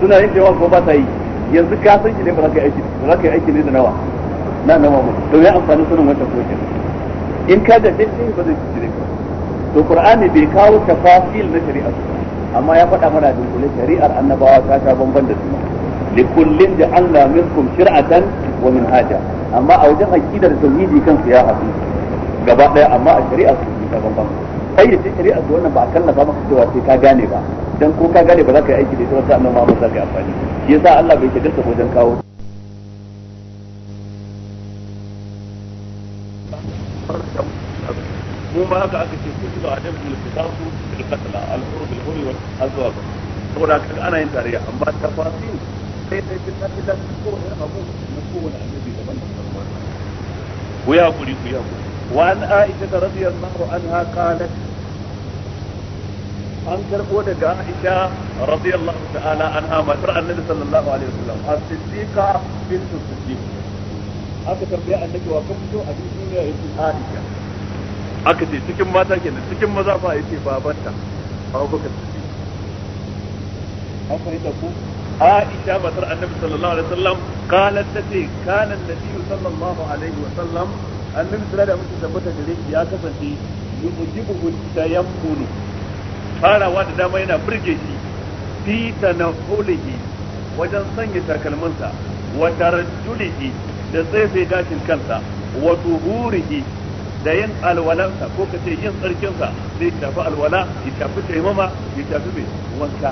suna yin cewa ko ba ta yi yanzu ka san shi ne ba za ka yi aiki ba za ka yi aiki ne da nawa na nawa mu to ya amfani sunan wannan kokin in ka jahilta ba zai cutar da kai to qur'ani bai kawo tafasil na shari'a ba amma ya faɗa mana dunkule shari'ar annabawa ta sha bamban da juna likullin da Allah minkum shir'atan wa min haja amma a wajen aqidar tauhidi kansu ya haɗu gaba ɗaya amma a shari'a su ta bamban kai da shari'a su wannan ba a kallafa maka cewa sai ka gane ba dan ko ka gane ba za ka yi aiki da ita wata annabawa ba za ka yi amfani shi yasa Allah bai shigar ta wajen kawo mu ma haka aka ce ku ba adam ne ta katala al-huruf al-huri wal azwab saboda kaga ana yin tarayya amma tafasil sai sai kin ta kida ko wani abu na kowane annabi daban daban ku ya kuri ku ya kuri wa an aisha radiyallahu anha qalat an karbo daga Aisha radiyallahu ta'ala anha matar Annabi sallallahu alaihi wasallam as-siddiqa bintu siddiq aka tambaya annabi wa kun fito a cikin duniya yake Aisha aka ce cikin mata kenan cikin maza fa ce babanta Abubakar Siddiq an fahimta ko Aisha matar Annabi sallallahu alaihi wasallam qalat tace kana Annabi sallallahu alaihi wasallam Annabi sallallahu alaihi wasallam tabbata gare shi ya kasance yujibu tayammulu farawa da dama yana burge shi fi tanahulihi wajen sanya takalminsa wa tarajjulihi da tsaye gashin kansa wa tuhurihi da yin alwalansa ko ka ce yin tsarkinsa zai shafi alwala ya shafi taimama ya shafi mai wanka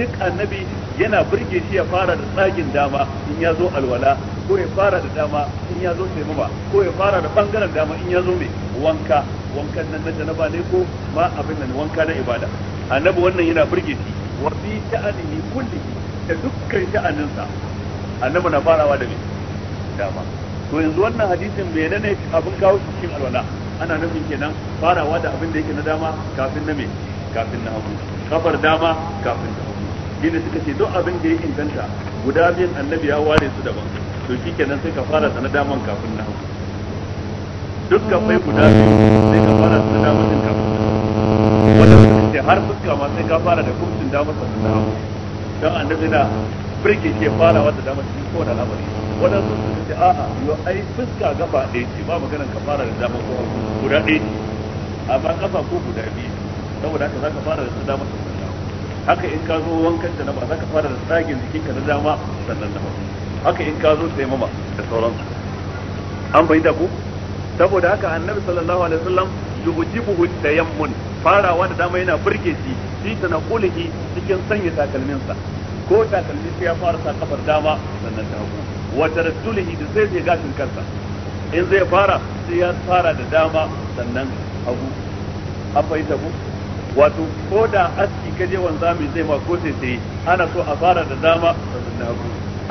duk annabi yana birge shi ya fara da tsagin dama in ya zo alwala ko ya fara da dama in ya zo taimama ko ya fara da bangaren dama in ya zo mai wanka wankan nan na janaba ne ko ma abin nan wanka na ibada annabi wannan yana burge shi wa fi sha'anihi da dukkan sha'aninsa annabi na farawa da mai dama to yanzu wannan hadisin menene abin kawo shi cikin alwala ana nufin kenan farawa da abin da yake na dama kafin na me kafin na hagu kafar dama kafin na hagu shine suka ce duk abin da ya inganta guda biyan annabi ya ware su daban to shi kenan sai ka fara da na daman kafin na hagu duk kafai guda biyu sai ka fara da na daman din kafin na hagu wanda suka ce har fuska ma sai ka fara da kumcin damar sannan na hagu don annabi na birki ke fara da dama cikin kowane al'amari waɗansu su ce a'a yau ai fuska gaba ɗaya ce ba maganar ka fara da dama ko guda ɗaya ce amma kafa ko guda biyu saboda haka za ka fara da dama ta guda haka in ka zo wankan da na ba za ka fara da tsagin jikin ka na dama sannan na haka in ka zo taimama da sauransu an fahimta ko saboda haka annabi sallallahu alaihi wasallam yujibuhu tayammun farawa da dama yana burge shi tana kulihi cikin sanya takalminsa ko takalmi sai ya fara sa kafar dama sannan ta hagu wa tarasulihi da sai zai gashin kansa in zai fara sai ya fara da dama sannan hagu an fahimta ku wato ko da aski kaje wanzami zai ma ko sai sai ana so a fara da dama sannan ta hagu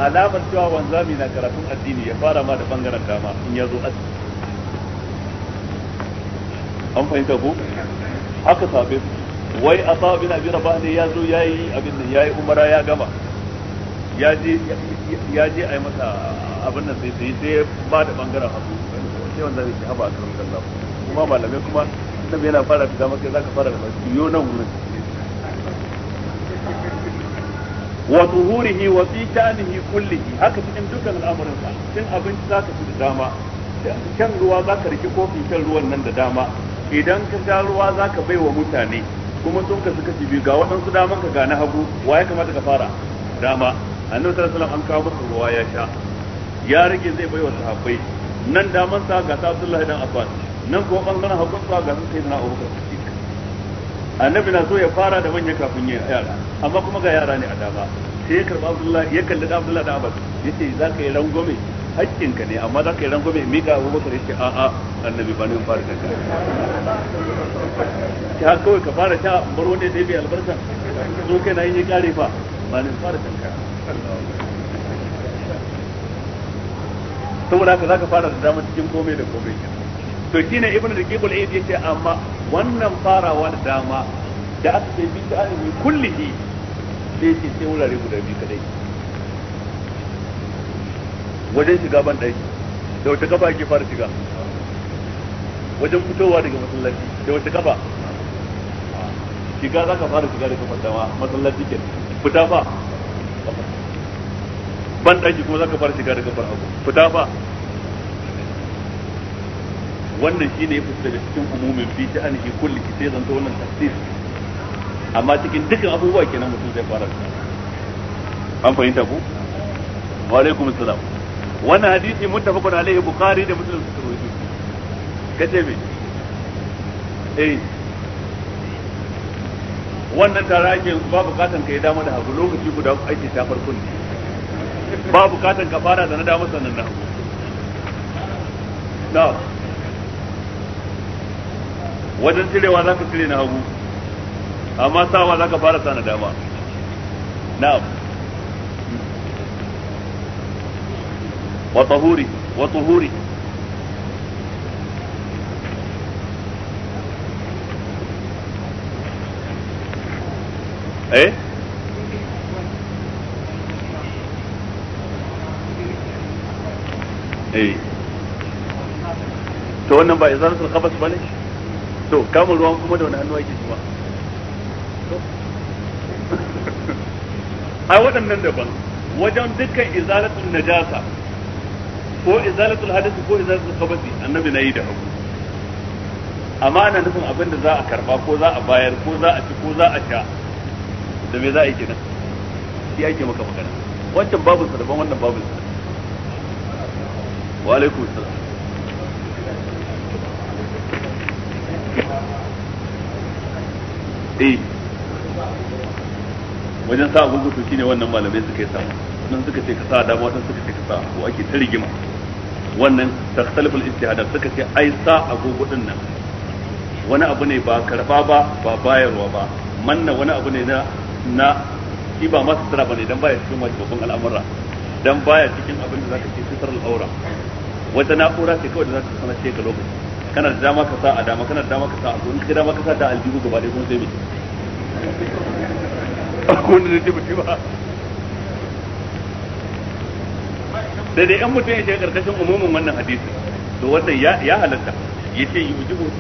alamar cewa wanzami na karatun addini ya fara ma da bangaren dama in ya zo aski an fahimta ko haka sabe su wai a sa bin abin raba ne ya zo ya yi abin nan ya yi umara ya gama ya je a yi masa abin nan sai sai sai ba da bangaren hagu sai wanda zai haba a karin kallon kuma malamai kuma annabi yana fara fita maka za ka fara da masu yiwu nan wurin wa tuhurihi wa fi sha'nihi kullihi haka cikin dukkan al'amuran sa cin abinci za ka fi da dama shan ruwa za ka rike kofin shan ruwan nan da dama idan ka sha ruwa za bai baiwa mutane kuma sun kasu kashi biyu ga waɗansu daman ka gane hagu wa ya kamata ka fara dama annabi sallallahu alaihi wasallam an kawo masa ruwa ya sha ya rage zai bai wa sahabbai nan daman sa ga sa Abdullahi dan Abbas nan kuma bangaren hagu sa ga sai na Abu Bakar annabi na so ya fara da manya kafin ya yara amma kuma ga yara ne a dama sai ya karba Abdullahi ya kalli Abdullahi dan Abbas yace zaka yi rangwame hakkinka ne amma za ka yi rango miƙa abubakar ya ce a a annabi ba ne mun fara kanka ta kawai ka fara ta bar wanda ya bi albarka zo kai na yin ya ƙare fa ba ne in fara kanka saboda haka za ka fara da dama cikin komai da komai to ne Ibn da kibul ayyid yace amma wannan farawa da dama da aka ce bi ta alimi kullihi sai ce sai wurare guda biyu kadai wajen shiga ban ɗaki da wata kafa ake fara shiga wajen fitowa daga masallaci da wata kafa shiga za ka fara shiga daga fadawa masallaci ke fita fa ban ɗaki kuma za ka fara shiga daga farko fita fa wannan shine ya fita daga cikin umumin fi ta anhi kulli ki sai zanto wannan tafsir amma cikin dukkan abubuwa kenan mutum zai fara an fahimta ku wa alaikum assalam wannan hadisi muttafaqun alaihi bukhari da muslim suka rawaito kace me eh wannan tara ake ba bukatan ka yi dama da hagu lokaci guda ta farkon ne ba bukatan ka fara da na dama sannan na hagu na wajen cirewa za ka cire na hagu amma sawa za ka fara sa na dama na'am wa tahuri wa tuhuri eh? eh. to wannan ba izalatul khabas bane to kama ruwan kuma da wani hannu ake shi ba ai waɗannan daban wajen dukkan izalatul najasa ko izalatul hadith ko izalatul khabasi annabi nayi da hagu amma ana nufin abinda za a karba ko za a bayar ko za a ci ko za a sha da me za a yi kenan shi ake maka magana wancan babu sa daban wannan babu sa wa alaikum salam eh wajen sa abubuwa to shine wannan malamai suka yi samu waɗansu suka ce ka sa suka ce ka sa ko ake ta rigima wannan takhtaliful ijtihad suka ce ai sa agogo din nan wani abu ne ba karba ba ba bayarwa ba manna wani abu ne na na shi ba bane dan baya cikin wajibin al'amura dan baya cikin abin da zaka ce al'aura wata na'ura ce kawai da zaka sanar ce ka lokaci kana da dama ka sa a dama kana da dama ka sa a gurin kai dama ka sa da aljihu gaba kuma ba sai dai yan mutum ya shiga karkashin umumin wannan hadisi to wannan ya halatta ya halatta da ya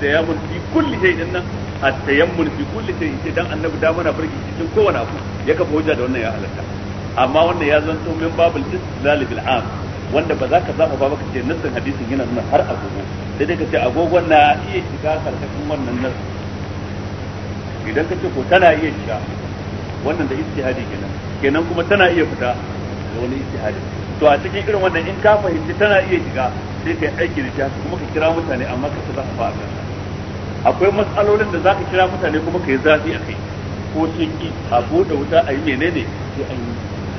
tayammun fi kulli shay'in nan a tayammun fi kulli shay'in ce dan annabi da mana farki cikin kowane abu ya kafa hujja da wannan ya halatta amma wannan ya zanto min babul istidlal bil am wanda ba za ka zaba ba ka ce nassin hadisin yana nuna har agogo sai dai ka ce agogon na iya shiga karkashin wannan nassin idan ka ce ko tana iya shiga wannan da istihadi kenan kenan kuma tana iya fita da wani istihadi to a cikin irin wannan in ka fahimci tana iya shiga sai ka yi aiki da ta kuma ka kira mutane amma ka ci zafa a kansa akwai matsalolin da za ka kira mutane kuma ka yi zafi a kai ko sun ki a bude wuta a yi menene sai an yi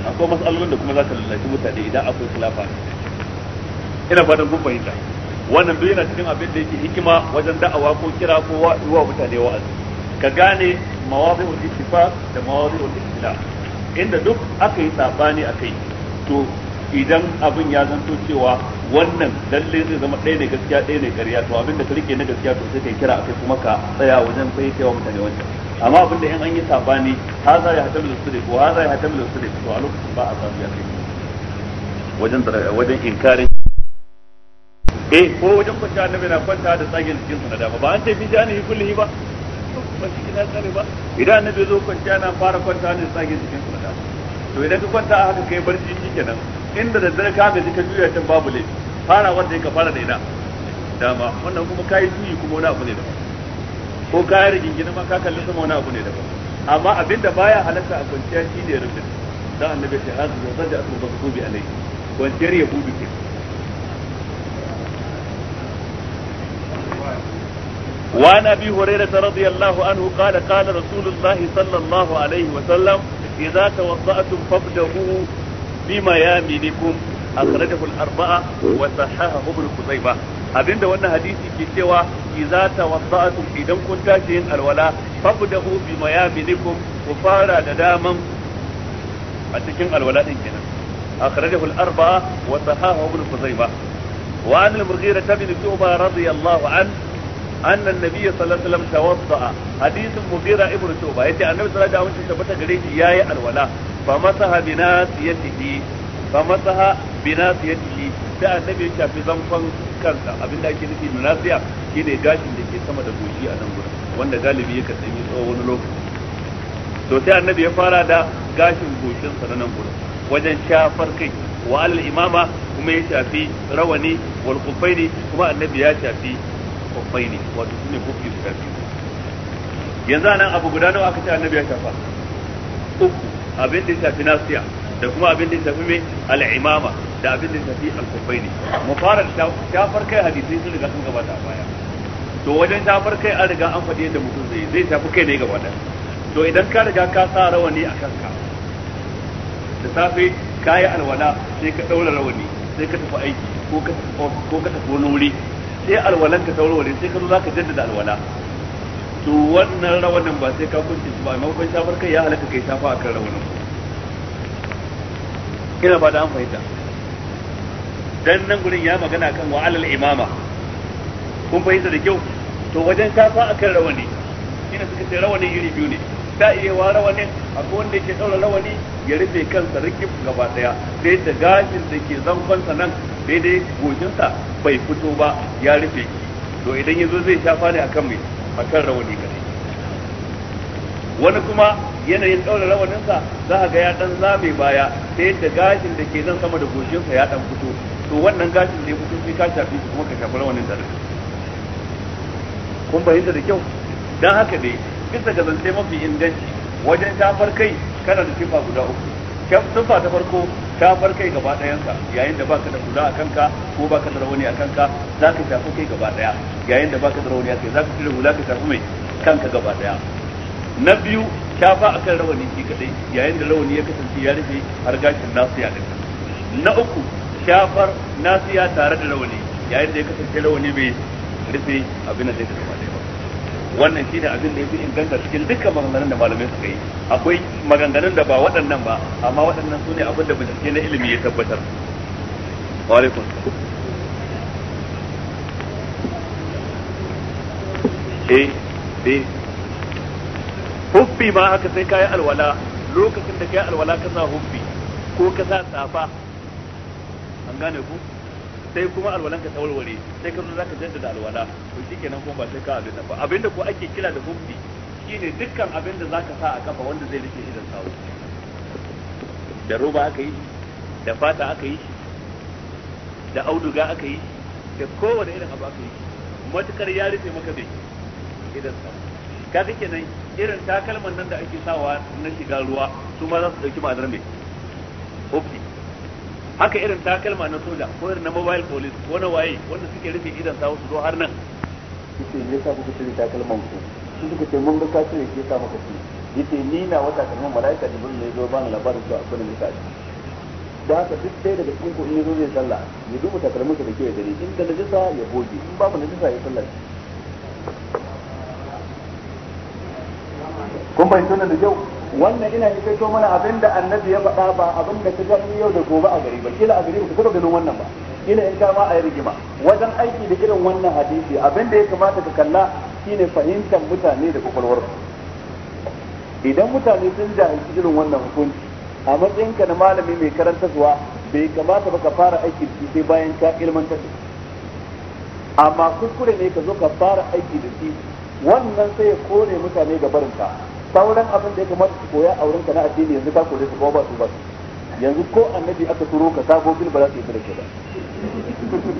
akwai matsalolin da kuma za ka lalace mutane idan akwai khilafa ina fatan kun fahimta wannan duk yana cikin abin da yake hikima wajen da'awa ko kira ko wa mutane wa'azi ka gane mawazi'ul ittifaq da mawazi'ul ikhtilaf inda duk aka yi sabani kai to idan abin ya zanto cewa wannan lalle zai zama ɗaya ne gaskiya ɗaya ne ƙarya to abin da ka rike na gaskiya to sai kai kira a kai kuma ka tsaya wajen fahimtawa mutane wancan amma abin da in an yi sabani ha za ya da su ko ha za ya da su to a lokacin ba a samu ya kai wajen wajen inkarin eh ko wajen kwanta annabi na kwanta da tsagen cikin sa na dama ba an ce bi jani kulli ba ba shi kina tsare ba idan annabi zo kwanta na fara kwanta ne tsagen cikin sa na dama to idan ka kwanta haka kai barci shikenan inda da dare ka gaji ka juya can babu laifi fara wanda ya fara da ina dama wannan kuma kayi juyi kuma wani abu ne daban ko kayi rigingina ma ka kalli sama wani abu ne daban amma abinda baya halatta a kwanciya shi ne rufin dan annabi sai hazu ya zaje asu ba ku bi alai kwanciyar ya bubi ke وعن ابي هريره رضي الله عنه قال قال رسول الله صلى الله عليه وسلم اذا توضاتم فابدؤوا bima yaminikum akhrajahu al-arba'a wa sahahahu ibn Khuzaimah abinda wannan hadisi ke cewa idza idan kun tashi yin alwala fabdahu bima yaminikum ku fara da dama a cikin alwala din kenan akhrajahu al-arba'a wa sahahahu annan nabiyyi sallallahu alaihi wasallam tawadda hadisin mugira ibnu shuba yace annabi sallallahu alaihi wasallam tabbata gare shi yayi alwala fa masaha binasiyatihi fa masaha binasiyatihi da annabi ya shafi zanfan kansa abinda ake nufi binasiya shine gashin da ke sama da goshi a nan gurin wanda galibi yake tsanyi tsawon wani lokaci to sai annabi ya fara da gashin goshin sa nan gurin wajen shafar kai wa imama kuma ya shafi rawani wal kufaini kuma annabi ya shafi kufai ne wato su ne kofi su biyu yanzu a nan abu guda nawa aka ce annabi ya shafa uku abin da ya shafi nasiya da kuma abin da ya shafi mai al'imama da abin da ya shafi al-kufai ne mu fara shafar kai hadisai sun riga sun gabata a baya to wajen shafar kai an riga an faɗi yadda mutum zai zai shafi kai ne gaba ɗaya to idan ka riga ka sa rawani a kanka da safe ka yi alwala sai ka ɗaura rawani sai ka tafi aiki ko ka tafi wani wuri sai alwalan ka tawarware sai ka zo ka jaddada alwala to wannan rawanin ba sai ka kunce shi ba kun shafar kai ya halaka kai shafa akan rawanin ina ba da an fahimta dan nan gurin ya magana kan wa alal imama kun fahimta da kyau to wajen shafa akan rawani ina suka ce rawani iri biyu ne ta iya wa rawanin akwai wanda yake daura rawani ya rufe kansa rikif gaba daya sai da gashin da ke zankonsa nan daidai gojinsa bai fito ba ya rufe shi to idan ya zo zai shafa ne akan mai akan rawani kare wani kuma yanayin ɗaura rawaninsa za a ga ya dan zame baya sai da gashin da ke nan sama da goshinsa ya dan fito to wannan gashin da ya fito sai ka shafi kuma ka shafi rawanin da kun fahimta da kyau dan haka dai bisa ga zance mafi inganci wajen shafar kai kana da sifa guda uku sifa ta farko shafar kai gaba ɗayansa yayin da baka da kula a kanka ko baka da rawani a kanka za ka shafi kai gaba ɗaya yayin da baka da rawani a kai za ka cire hula ka shafi mai kanka gaba ɗaya na biyu shafa kan rawani shi kadai yayin da rawani ya kasance ya rufe har gashin nasu ya ɗin na uku shafar nasu ya tare da rawani yayin da ya kasance rawani bai rufe abin da zai gaba ɗaya wannan shine abin da yafi inganta cikin dukkan maganganun da malamai suka yi akwai maganganun da ba waɗannan ba amma waɗannan su ne abin da bincike na ilimi ya tabbatar wa alaikum eh eh huffi ma haka sai kayi alwala lokacin da kayi alwala ka sa huffi ko ka sa safa an gane ku sai kuma alwalanka ka warware sai ka zo zaka jaddada alwala to shikenan kuma ba sai ka abin ba abinda ko ake kira da hubbi shine dukkan abin da zaka sa a kafa wanda zai rike idan sawo da roba aka yi da fata aka yi da auduga aka yi da kowane irin abu aka yi matukar ya rufe maka bai idan ka kaga kenan irin takalman nan da ake sawa na shiga ruwa su ma za su dauki ma'anar mai hubbi haka irin takalma na soja ko irin na mobile police ko na waye wanda suke rufe idan sa su zo har nan yace me yasa kuka cire takalman ku su suka ce mun ga ka cire ke sa muka ci yace ni na wata kalman malaika jibril ne zo bani labarin su akwai ne sai da haka duk sai daga cikin ku in yazo zai salla ya duba takalman sa da ke da ni da najisa ya goge in babu najisa ya sallah kun bai tona da yau wannan ina hikaito mana abin da annabi ya faɗa ba abin da ka gani yau da gobe a gari ba kila a gari ba ka ganin wannan ba kila in kama a yi rigima wajen aiki da irin wannan hadisi abin da ya kamata ka kalla shine fahimtar mutane da kwakwalwar idan mutane sun jahilci irin wannan hukunci a matsayin ka na malami mai karantarwa bai kamata ba ka fara aiki da sai bayan ka ilmanta da amma kuskure ne ka zo ka fara aiki da shi wannan sai ya kore mutane ga barinka sauran abin da ya kamata su koya a wurin kana addini yanzu ka kore su kuma ba su ba yanzu ko annabi aka turo ka sabo bil ba za su yi da ke ba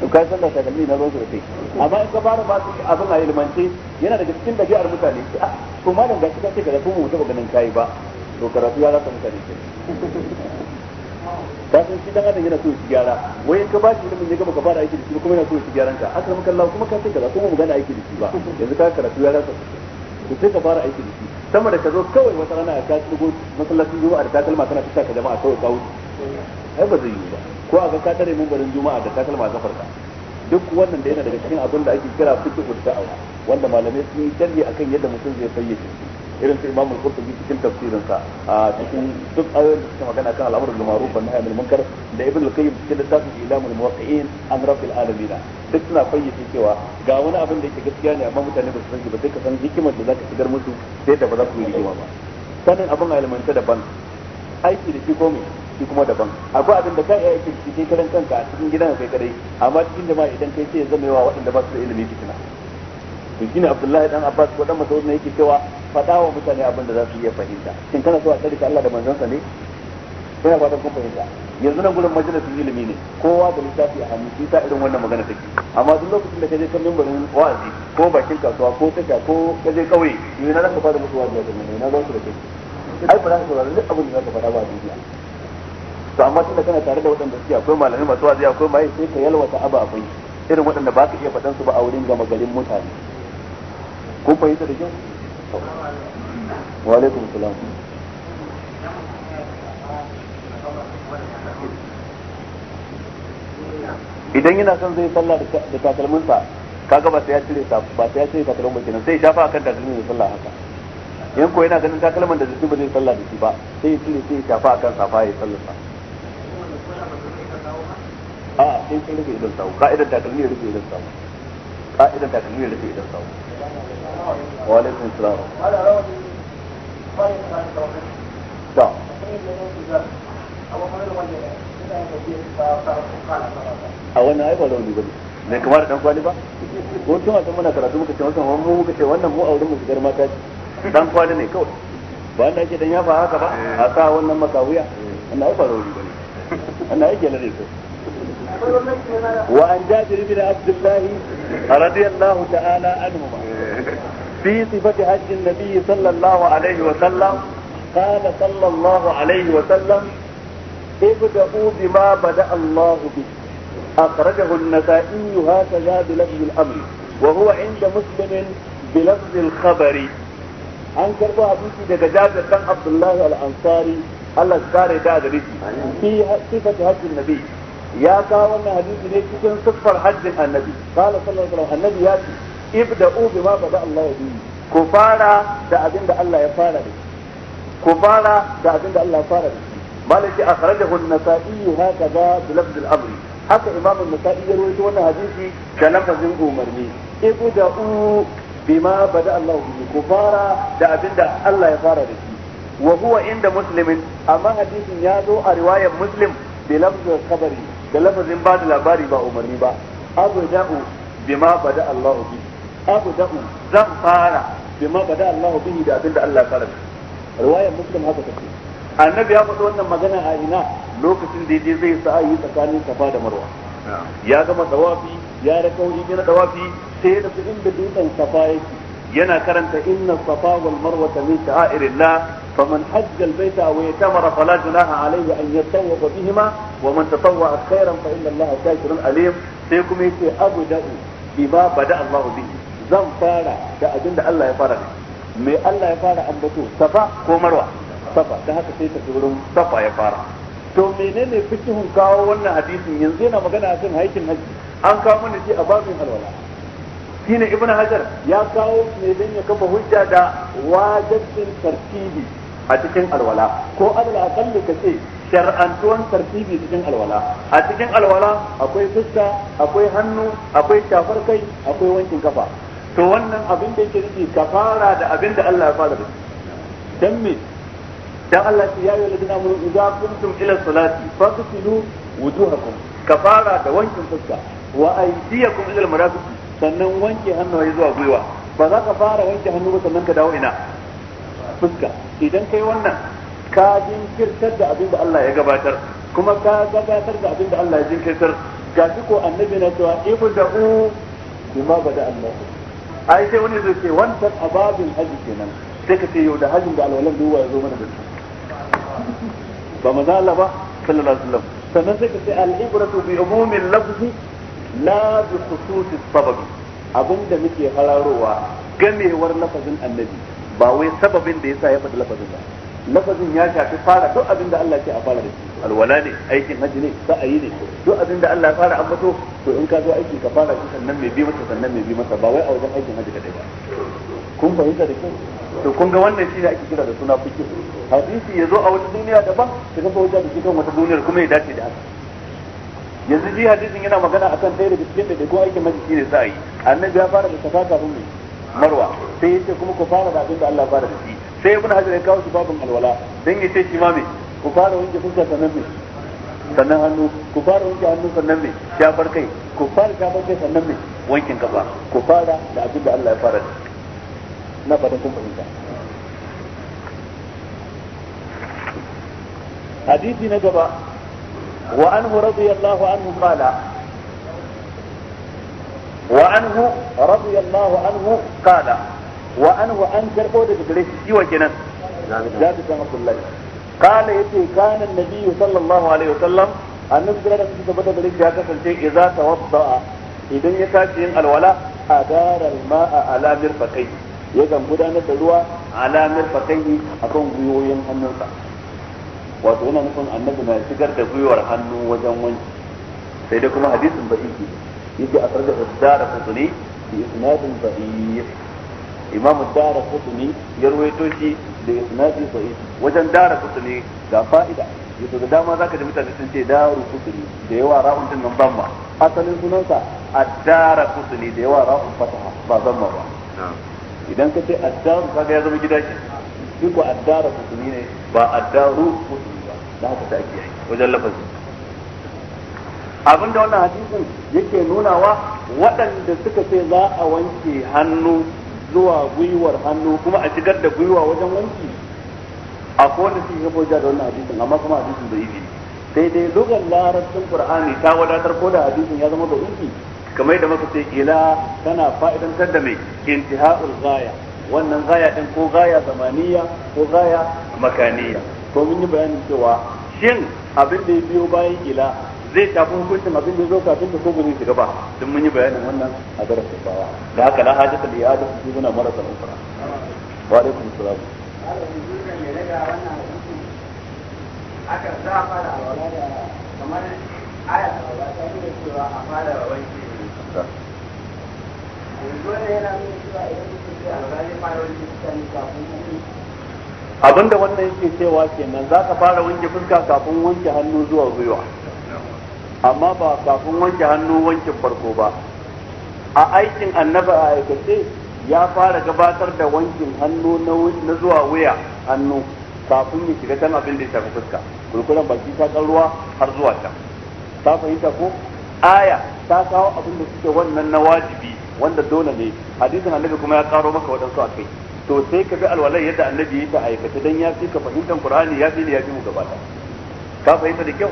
to kai san da takalmi na zo da kai amma in ka fara ba su abin a ilmance yana daga cikin dabi'ar mutane a ah, to malam ga shi kace ka da kuma taba ganin kai ba to karatu ya rasa mutane ke ka san shi dan adam yana so shi gyara wai ka ba shi ilimin ya gaba ka fara aiki da shi kuma yana so shi gyaran ka aka maka Allah kuma ka ce da kuma mu gana aiki da shi ba yanzu ka karatu ya ka to sai ka fara aiki da shi sama da ka zo kawai wata rana ka shigo masallacin juma'a da takalma kana fita ka jama'a kawai ka wuce ba zai yi ba ko a ga ka tare barin juma'a da takalma ka farka duk wannan da yana daga cikin abin da ake kira fitu da ta'awa wanda malamai sun yi sharhi akan yadda mutum zai fayyace shi irin su imamul qurtubi cikin tafsirin sa a cikin duk ayoyin da suka magana kan al'amuran da ma'ruf wa nahy anil munkar da ibn al-qayyim cikin littafin ilamul muwaqqi'in an rabbil alamin duk suna fayyace cewa ga wani abin da yake gaskiya ne amma mutane ba su san shi ba sai ka san hikimar da zaka shigar musu sai da ba za ku yi rigima ba sanin abin alimanta daban aiki da shi ko shi kuma daban akwai abin da ka iya aikin shi kai karan kanka a cikin gidan kai kadai amma cikin jama'a idan kai sai ya zama yawa waɗanda ba su da ilimi fitina to shine Abdullahi dan Abbas ko dan Mas'ud ne yake cewa faɗa wa mutane abin da za su iya fahimta shin kana so a tsarki Allah da manzansa ne ina ba ta kun fahimta yanzu nan gurin majalisun ilimi ne kowa da littafi a hannu shi ta irin wannan magana take amma duk lokacin da ka je kan mimbarin wa'azi ko bakin kasuwa ko tasha ko ka je kauye ni na zaka fara musu wa'azi da nan na ba su da kai ai ba za ka saurari duk abin da zaka faɗa ba a duniya to amma tunda kana tare da waɗanda suke akwai malamai masu wa'azi akwai mai sai ka yalwata ababai irin waɗanda ba ka iya faɗan su ba a wurin gama garin mutane kun fahimta da kyau وعليكم السلام idan yana son zai sallah da takalminsa kaga ba sai ya cire ta ba sai ya cire takalmin ba kenan sai ya shafa akan takalmin da sallah haka in ko yana ganin takalmin da zai ba zai sallah da shi ba sai ya cire sai ya shafa akan safa ya sallah sa a sai sai rufe idan sawu ka'idar takalmin ya rufe idan sawu ka'idar takalmin ya rufe idan sawu wa alaikum salam ta a wannan dan kwali ba ko tun a muna karatu muka ce wannan mu muka ce wannan mu dan kwali ne kawai ba dan ya haka ba a sa wannan wannan wannan وعن جابر بن عبد الله رضي الله تعالى عنهما في صفة حج النبي صلى الله عليه وسلم قال صلى الله عليه وسلم ابدأوا بما بدأ الله به أخرجه النسائي هكذا بلفظ الأمر وهو عند مسلم بلفظ الخبر an karbo abinci daga jabir dan abdullahi al-ansari Allah ya kare da gare shi fi sifatu hajjin nabi ya kawo wannan hadisi ne cikin siffar hajjin annabi qala sallallahu alaihi annabi ya ce ibda'u bima bada Allah bihi ku fara da abin Allah ya fara da ku fara da abin Allah ya fara da malaki akhrajahu an-nasa'i hakaza bi lafz al-amr haka imam an-nasa'i ya rawaito wannan hadisi da lafazin umarni ibda'u bima bada Allah bihi ku fara da abin Allah ya fara da shi inda muslimin amma ya zo a riwayar muslim bi lafz da lafazin ba da labari ba umarni ba da'u bima bada Allah bi da'u zan fara bima bada Allah bihi da abinda Allah fara riwayar muslim haka take annabi ya faɗi wannan magana a ina lokacin da yaje zai sa yi tsakanin safa da marwa ya gama tawafi ya rakauri gina tawafi sai ya tafi inda dutsen safa yake yana karanta inna safa wal marwa min sha'irillah فمن حج البيت أو اعتمر فلا جناح عليه أن يتطوف بهما ومن تطوع خيرا فإن الله شاكر عليم سيكم يتي أبدأ بما بدأ الله به zan fara da abin Allah ya fara da me Allah ya fara ambato safa ko marwa safa ta haka sai ta wurin safa ya fara to menene fikihun kawo wannan hadisin yanzu yana magana akan haikin haji an kawo mana shi a babin alwala shine ibnu hajar ya kawo ne dan ya kafa hujja da wajibin tartibi a cikin alwala ko alal aqalli ka ce shar'antuwan tartibi cikin alwala a cikin alwala akwai fuska akwai hannu akwai shafar kai akwai wankin kafa to wannan abin da yake nufi ka fara da abin da Allah ya fara da dan me dan Allah ya yi ladina mun idza kuntum ila salati fasilu wujuhakum ka fara da wankin fuska wa aydiyakum ila almarafiq sannan wanke hannaye zuwa gwiwa ba za ka fara wanke hannu ba sannan ka dawo ina fuska idan kai wannan ka jinkirtar da abin da Allah ya gabatar kuma ka gabatar da abin da Allah ya jinkirtar ga shi ko annabi na cewa ibu da u kuma ba da Allah ai sai wani zai ce wancan ababin haji kenan sai ka ce yau da hajin da alwalan duwa ya zo mana da su ba maza Allah ba sallallahu alaihi wasallam sannan sai ka ce al-ibratu bi umumin lafzi la bi khususis sabab abinda muke hararowa gamewar lafazin annabi ba wai sababin da yasa ya faɗi lafazin ba lafazin ya shafi fara duk abin da Allah ke a fara da shi alwala ne aikin haji ne yi ne duk abin da Allah fara an fito to in ka zo aiki ka fara shi sannan mai bi masa sannan mai bi masa ba wai a wajen aikin haji kadai ba kun fahimta da kyau to kun ga wannan shi ne ake kira da suna fikir hadisi ya zo a wata duniya daban ka kafa wajen da shi kan wata duniyar kuma ya dace da haka yanzu ji hadisin yana magana akan ɗaya daga cikin da ko aikin haji shi ne sa'ayi annabi ya fara da safa kafin mai marwa sai yace kuma ku fara da abinda Allah fara da shi sai ibn hajar ya kawo shi babin alwala dan yace shi ma me ku fara wanke fuska sannan me sannan hannu ku fara wanke hannu sannan me shafar kai ku fara shafar kai sannan me wankin kafa ku fara da abinda Allah ya fara da na fatan kun fahimta hadisi na gaba wa anhu radiyallahu anhu qala وعنه رضي الله عنه قال وعنه أنكر قودة قريش سوى جنان جابر بن عبد الله قال يتي كان النبي صلى الله عليه وسلم annabi jira da suke tabbata da ya kasance idza tawadda idan ya tashi yin alwala adara alma'a ala mirfaqai ya kan gudanar da ruwa ala mirfaqai akan guyoyin hannunsa wato yana nufin annabi na shigar da gwiwar hannu wajen wanki sai dai kuma hadisin ba yake asarda dara kutuni bi isnadin da'if imam dara kutuni ya ruwaito shi da isnadin da'if wajen dara kutuni ga fa'ida yato da dama za ka ji mutane sun ce daru kutuni da yawa ra'un din nan ban ba asalin sunansa addara kutuni da yawa ra'un fataha ba zamma ba ba idan ka ce addaru kaga ya zama gida shi shi ko addara kutuni ne ba addaru kutuni ba da haka ta ake yi wajen lafazin Abin da wannan hadisin yake nunawa waɗanda suka ce za a wanke hannu zuwa gwiwar hannu kuma a shigar da gwiwa wajen wanki a kowane su yi da wannan hadisin amma kuma hadisin da yi sai dai lugar larabcin qur'ani ta wadatar ko da hadisin ya zama da uki kamar da maka ce ila tana fa'idantar da mai intihaul gaya wannan gaya din ko gaya zamaniya ko gaya makaniya to mun yi bayanin cewa shin abin da ya biyo bayan ila zai tafi hukuncin abin da ya zo kafin da ko ba shiga ba duk mun yi bayanin wannan a darasin bawa. da haka la hajata li ya da su suna marasa ukra wa alaikum salam aka za a fara wala da kamar ayat alwala ta yi da cewa a fara wanke abinda wannan yake cewa kenan za ka fara wanke fuska kafin wanke hannu zuwa gwiwa amma ba kafin wanke hannu wankin farko ba a aikin annaba a aikace ya fara gabatar da wankin hannu na zuwa wuya hannu kafin ya shiga kan abin da ya shafi fuska kulkulan baki ta kan ruwa har zuwa can ta fahimta ko aya ta kawo abin da suke wannan na wajibi wanda dole ne hadisin annabi kuma ya karo maka waɗansu a kai to sai ka bi alwalai yadda annabi ya ta aikace don ya fi ka fahimtar qur'ani ya fi ya fi mu gabata ka fahimta da kyau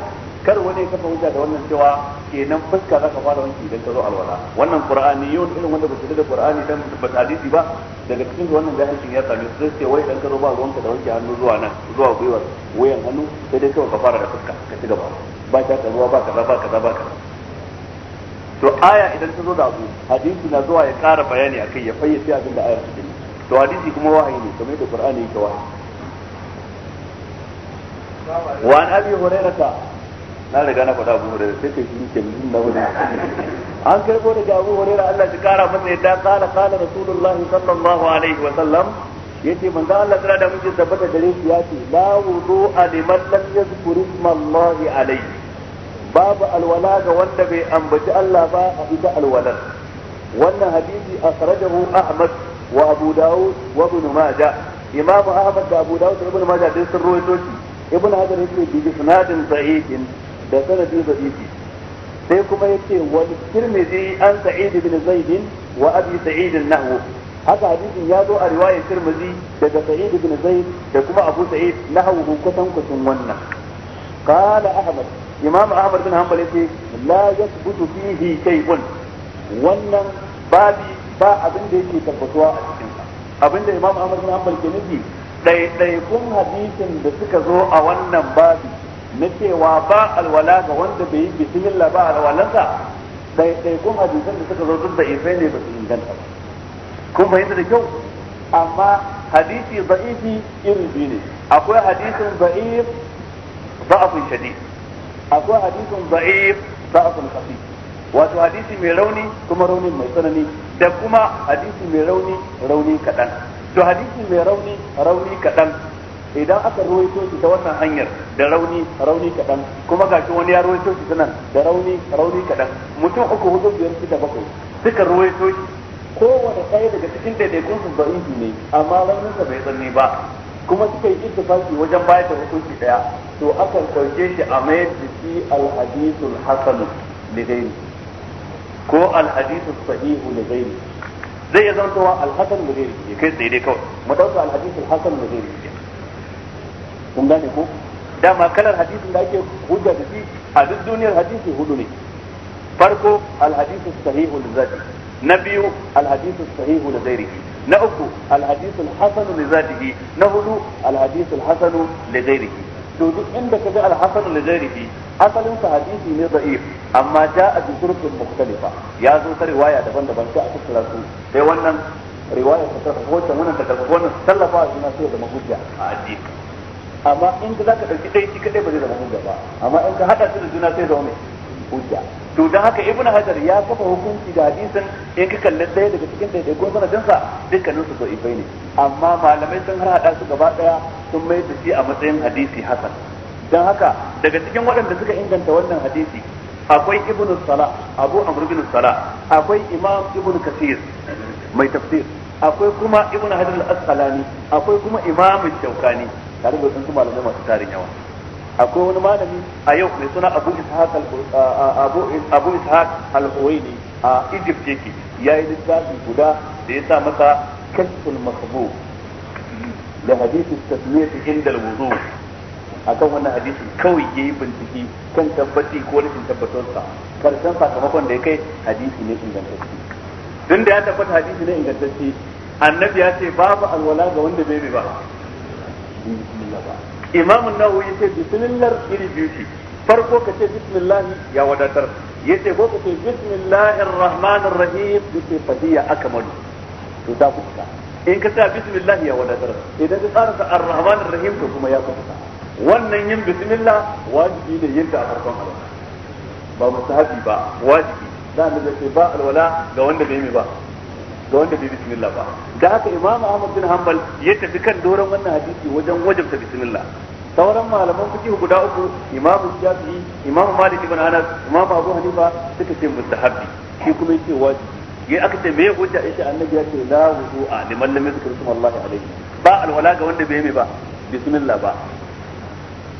kar wani ya kafa hujja da wannan cewa kenan fuska za ka fara wanki idan ka zo alwala wannan qur'ani yau irin wanda ba da qur'ani dan ba hadisi ba daga cikin wannan jahilcin ya same su sai wai dan ka zo ba ruwanka da wanke hannu zuwa nan zuwa gwiwar wayan hannu sai dai kawai ka fara da fuska ka ci gaba ba ta ruwa ba ka ba ka ba ka to aya idan ta zo da abu hadisi na zuwa ya ƙara bayani akai ya fayyace abin da ayar take to hadisi kuma wahayi ne kamar yadda qur'ani yake wahayi وعن ابي هريره na riga na faɗa abu hurairah sai kai shi ke na wuri an karbo daga abu hurairah Allah ya kara masa yadda qala qala rasulullahi sallallahu alaihi wa sallam yace manzo Allah tana da miji tabbata gare shi yace la liman lam babu alwala ga wanda bai ambaci Allah ba a ita alwalar wannan hadisi akhrajahu Ahmad wa Abu Dawud wa Ibn Majah Imam Ahmad da Abu Dawud da Ibn Majah duk sun rawaito shi Ibn Hajar yace bi isnadin sahihin da sanadi da'ifi sai kuma yace wal tirmidhi an sa'id ibn zaid wa abi sa'id nahwu haka hadisin ya zo a riwayar tirmidhi daga sa'id ibn zaid da kuma abu sa'id nahwu kusan kusan wannan qala ahmad imam ahmad bin hanbal yace la yathbutu fihi shay'un wannan babi ba abin da yake tabbatuwa a cikin abin da imam ahmad bin hanbal ke nufi ɗaiɗaikun hadisin da suka zo a wannan babi na cewa ba alwala ga wanda bai yi bismillah ba alwalansa kun hadisan da suka zo duk da isai ne ba su inganta ba kun fahimta da kyau amma hadisi da'ifi irin biyu ne akwai hadisin da'if da'afun shadi akwai hadisin da'if da'afun kafi wato hadisi mai rauni kuma raunin mai tsanani da kuma hadisi mai rauni rauni kaɗan to hadisi mai rauni rauni kaɗan idan aka ruwaito shi ta wannan hanyar da rauni rauni kaɗan kuma shi wani ya ruwaito shi sanan da rauni rauni kaɗan mutum uku hudu biyar shida bakwai suka ruwaito shi kowane ɗaya daga cikin ɗaiɗaikun su ba'ihi ne amma sa bai tsanni ba kuma suka yi ittifaki wajen bayar da hukunci ɗaya to akan kauce shi a mayar da shi alhadisul hasanu lidaini ko alhadisul sahihu lidaini zai iya wa alhasan lidaini kai sai dai kawai mu dauka alhadisul hasan lidaini kun gane ko dama kalar hadisin da ake hujja da shi a duk duniyar hadisi hudu ne farko alhadisu sahihu li na biyu alhadisu sahihu da ghairihi na uku alhadisu hasanu li na hudu alhadisu hasanu li to duk inda kaga alhasanu li ghairihi asalin sa hadisi ne da'if amma ja'a bi turuqin mukhtalifa ya zo ta riwaya daban-daban sai a tattara su sai wannan riwaya ta tafi wannan ta tafi wannan tallafa a juna sai da mahujja a addini amma in ka zaka dauki dai shi kadai ba zai zama hujja ba amma in ka hada su da juna sai zama mai hujja to dan haka ibnu hajar ya kafa hukunci da hadisin in ka kalli daya daga cikin daya ko sanadin sa dukkanin su sai ne amma malamai sun har hada su gaba daya sun mai da shi a matsayin hadisi hasan dan haka daga cikin waɗanda suka inganta wannan hadisi akwai ibnu sala abu amr bin sala akwai imam ibnu kasir mai tafsir akwai kuma ibnu hajar al-asqalani akwai kuma imam al-shawkani tare da wasu malamai masu tarin yawa akwai wani malami a yau mai suna Abu Ishaq Abu Al-Huwaini a Egypt yake yayi littafi guda da ya sa masa kashful mahbub da hadisi tasmiyat inda al-wudu akan wannan hadisi kawai yayi bincike kan tabbaci ko rashin tabbatarsa karshen sakamakon da ya kai hadisi ne ingantacce tun da ya tabbata hadisi ne ingantacce annabi ya ce babu alwala ga wanda bai ba yi bismillah ba imam an-nawawi yace bismillah iri biyu ce farko ka ce bismillah ya wadatar yace ko ka ce bismillahir rahmanir rahim yace fadiya akmalu to ta kuka in ka sa bismillah ya wadatar idan ka tsara ar-rahmanir rahim to kuma ya kuka wannan yin bismillah wajibi ne yin ta a farkon alwala ba musahabi ba wajibi da ne ba alwala ga wanda bai yi ba ga wanda bai bismillah ba da haka imamu ahmad bin hanbal ya tafi kan doron wannan hadisi wajen wajabta bismillah sauran malaman fiqh guda uku imamu shafi'i imamu malik ibn anas imamu abu hanifa suka ce mustahabbi shi kuma yake wajibi ya aka ce me hujja yace annabi ya ce la wudu'a liman lam yadhkur allah alayhi ba alwala ga wanda bai mai ba bismillah ba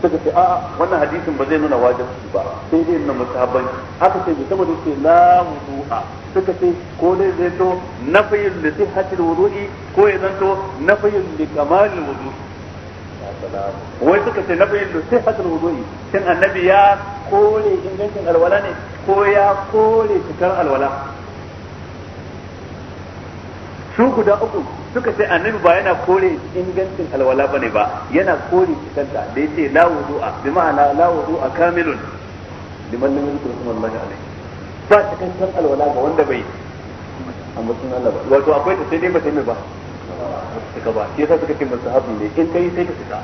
suka ce a wannan hadisin ba zai nuna wajibi ba sai dai nuna mustahabban haka sai saboda ce la wudu'a suka ce ko dai zai to da li hatar wudu'i ko ya zanto nafiyul da kamalin wudu'i wai suka ce da li hatar wudu'i shin annabi ya kore ingancin alwala ne ko ya kore cikar alwala su guda uku suka ce annabi ba yana kore ingancin alwala ne ba yana kore cikanta da ce la wudu'a bi ma'ana la wudu'a kamilun liman lam yadhkur isma Allah ba cikakken alwala ga wanda bai a mutum Allah ba wato akwai ta sai dai ba sai mai ba suka ba shi yasa suka ce hafi ne in kai sai ka suka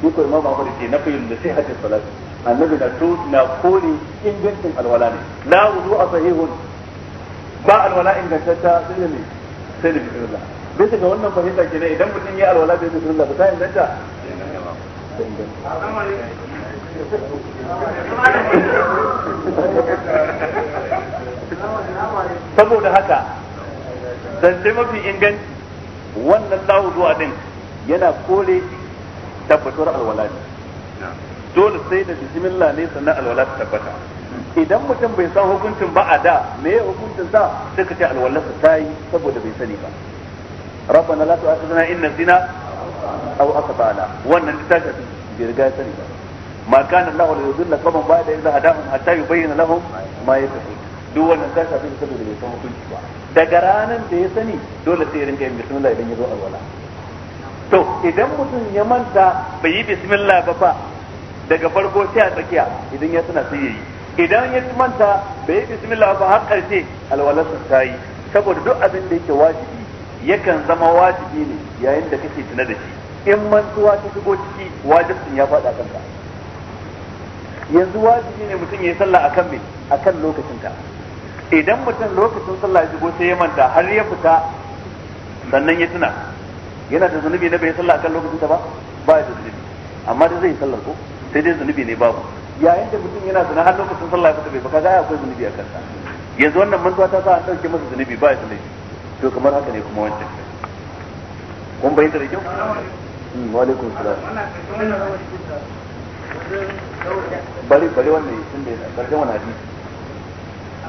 shi ko imam Ahmad ce sai nasihatis salat annabi na to na kone ingancin alwala ne la wudu'a sahihun ba alwala ingantacca sai da ne sai da bismillah bisa ga wannan fahimta kenan idan mutum ya alwala bai ba ta inganta sai inganta saboda haka zance mafi inganci wannan lahu zuwa din yana kore tabbatar alwala ne dole sai da bismillah ne sannan alwala ta tabbata idan mutum bai san hukuncin ba a da me ya hukuncin sa ka ce alwala ta yi saboda bai sani ba rabbana la tu'akhidhna in nasina aw akhtana wannan ta tashi bai riga sani ba ma kana Allah la yudilla qawman ba'da idza hadahum hatta yubayyana lahum ma yattaqun duk wannan ta shafi saboda bai san hukunci ba daga ranan da ya sani dole sai rinka yin bismillah idan ya zo alwala to idan mutum ya manta bai yi bismillah ba fa daga farko sai a tsakiya idan ya tana sai yayi idan ya manta bai yi bismillah ba har karshe alwalarsa ta yi saboda duk abin da yake wajibi yakan zama wajibi ne yayin da kake tuna da shi in mantuwa ta shigo ciki wajibin ya faɗa kanka yanzu wajibi ne mutum yayi sallah akan me akan ta idan mutum lokacin sallah ya shigo sai ya manta har ya fita sannan ya tuna yana da zunubi na bai sallah akan ta ba ba da zunubi amma da zai sallar ko sai dai zunubi ne babu yayin da mutum yana zina har lokacin sallah ya fita bai kaga akwai zunubi a kansa yanzu wannan mantuwa ta sa an dauke masa zunubi ba ya da laifi to kamar haka ne kuma wancan kun bayyana da kyau hmm, wa alaikum salaam. bari bari wannan yi tun da yana karshen wani hadisi a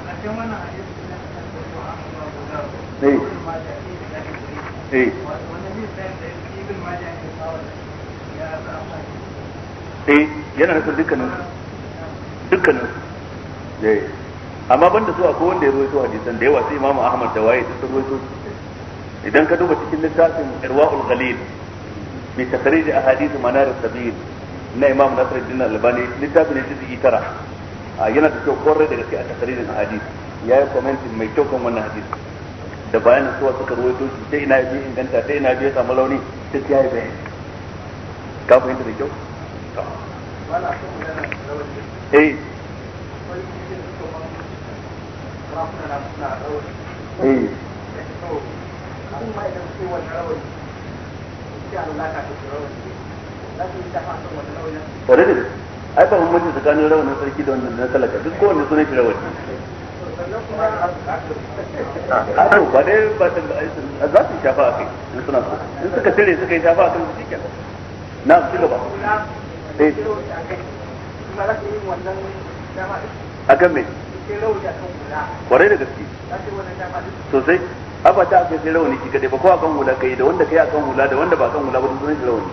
karshen hadisi na yana nufin dukkanin dukkanin eh amma da su akwai wanda ya ruwaito hadisan da yawa sai Imam Ahmad da waye sun ruwaito idan ka duba cikin littafin Irwaul Ghalil bi takhrij ahadith manar sabil na imam nasiruddin albani littafin ne juz'i tara yana da kyau kwarai da gaske a takaririn hadis ya yi commenting mai kyau kan wannan hadis da bayanin suwa suka ruwaito shi ta ina biyu inganta ta ina biyu samu launi duk ya yi ka fahimta da kyau eh eh an ma idan sai wannan rawani ka tare da ai ba mun tsakanin rawanin sarki da wannan na talaka duk kowanne sunan shi ah, ba dai ba ta za su shafa a kai in suna so in suka tare suka yi shafa a kan su kenan na su gaba eh a kan me kwarai da gaske sosai abata a kai sai rawani shi kadai ba ko a kan hula kai da wanda kai a kan hula da wanda ba a kan hula ba sunan shi rawani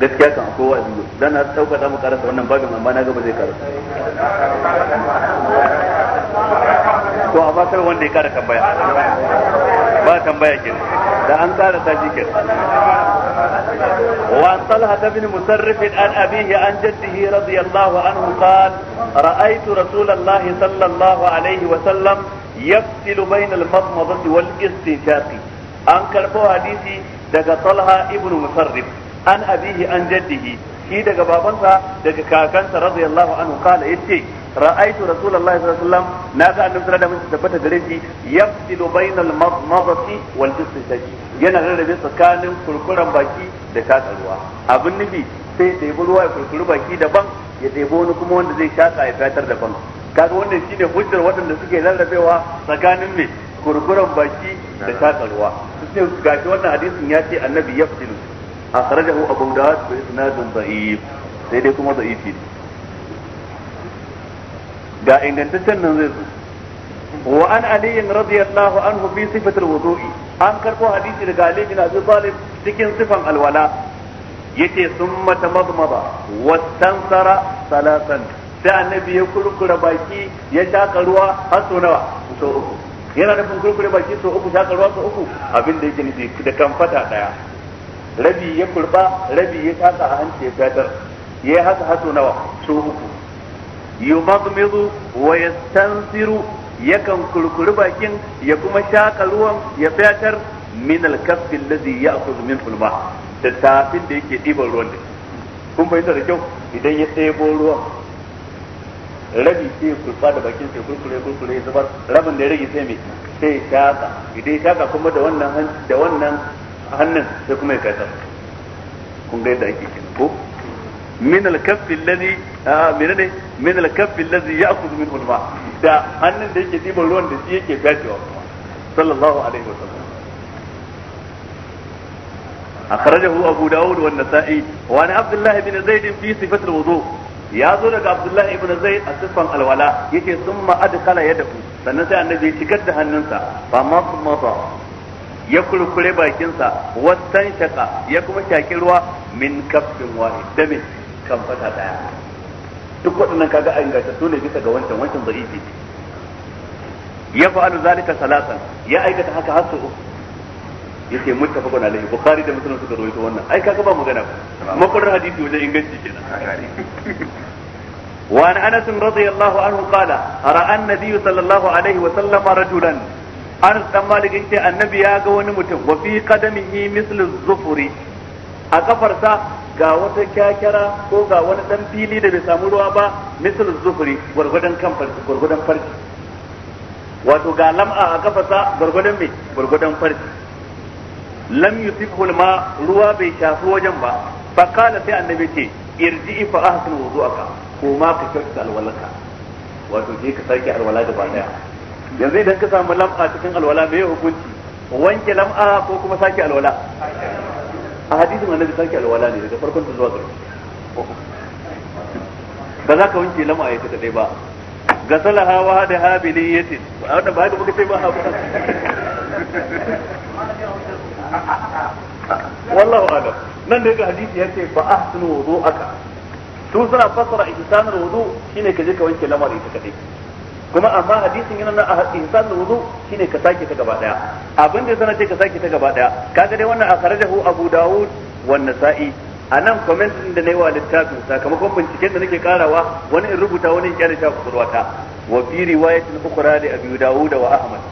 gaskiya kan akwai wa'azi yau dan na dauka za mu karasa wannan babin amma na gaba zai karasa to amma sai wanda ya kara tambaya ba tambaya ke da an karasa shi ke وعن طلحة بن مسرف عن أبيه عن جده رضي الله عنه قال رأيت رسول الله صلى الله عليه وسلم يفصل بين المضمضة An أنكر حديثي daga Talha ibn Musarrif an abihi an jaddihi shi daga babansa daga kakansa radiyallahu anhu kala yace ra'aitu rasulullahi sallallahu alaihi wasallam naga annabi sallallahu alaihi tabbata gare shi yafsilu bainal madmadati wal istisaji yana rarrabe tsakanin kurkuran baki da tatsa ruwa abin nufi sai ɗebi ruwa ya kurkuru baki daban ya ɗebi wani kuma wanda zai shaka ya fatar daban kaga wannan shine hujjar waɗanda suke rarrabewa tsakanin me kurkuran baki da tatsa ruwa sai gashi wannan hadisin ya ce annabi ya fitilu akhrajahu abu dawud bi isnadin da'if sai dai kuma da'ifi ne ga ingantaccen nan zai zo wa an ali radiyallahu anhu fi sifatil wudu'i an karbo hadisi daga ali bin abi talib cikin sifan alwala yace summa tamadmada wa tansara salatan sai annabi ya kurkura baki ya taka ruwa har sau nawa sau uku yana nufin kurkure baki so uku shakar ruwa so uku abin da yake nufi da kan fata daya rabi ya kurba rabi ya shaka a hanci ya fatar ya yi haka haso nawa so uku yumadmidu wa yastansiru yakan kurkuri bakin ya kuma shaka ruwan ya fatar min al-kaffi ya ya'khudhu min fulma da tafin da yake ɗiban ruwan da kun fahimta da kyau idan ya ɗebo ruwan rabi sai kurfa da bakin sai kurkure kurkure ya zubar rabin da ya rage sai mai sai shaka idan ya shaka kuma da wannan da wannan hannun sai kuma ya kasar kun ga yadda ake kin ko min al-kaff alladhi a menene min al-kaff alladhi ya'khudhu min al-ma da hannun da yake diban ruwan da shi yake fatiwa sallallahu alaihi wa sallam أخرجه أبو داود والنسائي وعن عبد الله بن زيد في صفة الوضوء ya zo daga abdullahi ibn zaid a siffan alwala yace summa adkhala yadahu sannan sai annabi ya shigar da hannunsa fa masmata ya kurkure bakinsa wattan shaka ya kuma shaki ruwa min kafin wahid damin kan fata daya duk wadannan kaga an gata su ne bisa ga wancan wancan zarifi ya fa'alu zalika salasan ya aikata haka har sau uku yace muttafaqun alaihi bukhari da muslim suka rawaito wannan ai kaga ba magana ba makurar hadisi wajen inganci kenan وعن انس رضي الله عنه قال راى النبي صلى الله عليه وسلم رجلا انس دان مالك annabi ya ga wani mutum wa fi qadamihi zufuri a kafarsa ga wata kyakkyara ko ga wani dan fili da bai samu ruwa ba mislu zufuri gurgudan kan farki ga lam'a a kafarsa gurgudan me gurgudan farki lam yusibhu ma ruwa bai shafi wajen ba fa kana sai annabi ce irji'i fa ahsin ko ma ka kyautata alwalaka, wato je ka sake alwala gaba daya yanzu idan ka samu lam'a cikin alwala me hukunci wanke lam'a ko kuma sake alwala a hadisin annabi sake alwala ne daga farkon ta zuwa ƙarshe ba za ka wanke lam'a ya ta dai ba da غسلها وهدها بنية وانا بعد ما كتب والله اعلم nan da yake hadisi ya ce ba ahsinu wudu'aka su suna fassara ihsanul wudu shine ka je ka wanke lamari ta kadai kuma amma hadisin yana na ihsanul wudu shine ka sake ta gaba daya abin da sana ce ka sake ta gaba daya kaga dai wannan akhrajahu abu daud wan sa'i a nan din da nayi wa littafin sakamakon binciken da nake karawa wani in rubuta wani in kyale ta kurwata wa fi riwayatin ukhra abu abi daud wa ahmad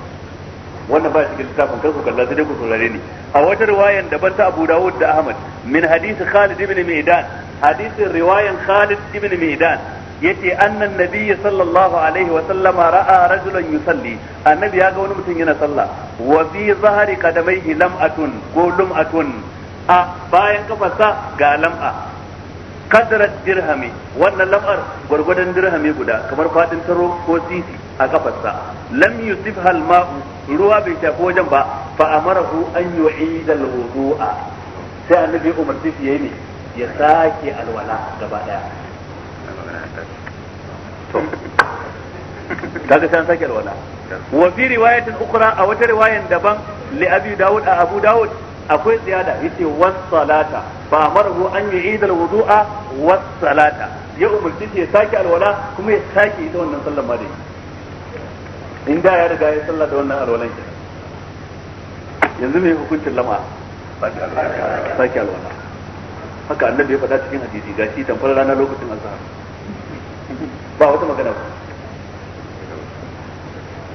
wannan ba cikin littafin kar ku kalla sai dai ku saurare ni a wata riwayan daban ta Abu Dawud da Ahmad min hadisi Khalid ibn Mi'dan hadisin riwayan Khalid ibn Mi'dan yace annan nabiyyi sallallahu alaihi wa sallama ra'a rajulan yusalli annabi ya ga wani mutum yana sallah wa fi zahari qadamaihi lam'atun ko lum'atun a bayan kafarsa ga lam'a kadarar dirhami wannan lam'ar gwargwadon dirhami guda kamar fadin taro ko sisi a kafarsa lam yusif halma'u ruwa bai shafi wajen ba fa amarahu an yu'ida al-wudu'a sai annabi Umar sai yayi ne ya sake alwala gaba daya to kaga sai sake alwala wa fi riwayatin ukhra a wata riwayan daban li abi daud a abu daud akwai ziyada yace was salata fa amarahu an yu'ida al-wudu'a was salata ya umarci ya sake alwala kuma ya sake ita wannan sallar ma da in da ya riga ya sallah da wannan alwalan kenan yanzu mai hukuncin lama sake alwala haka annabi ya faɗa cikin hadisi gashi tamfar rana lokacin azhar ba wata magana ba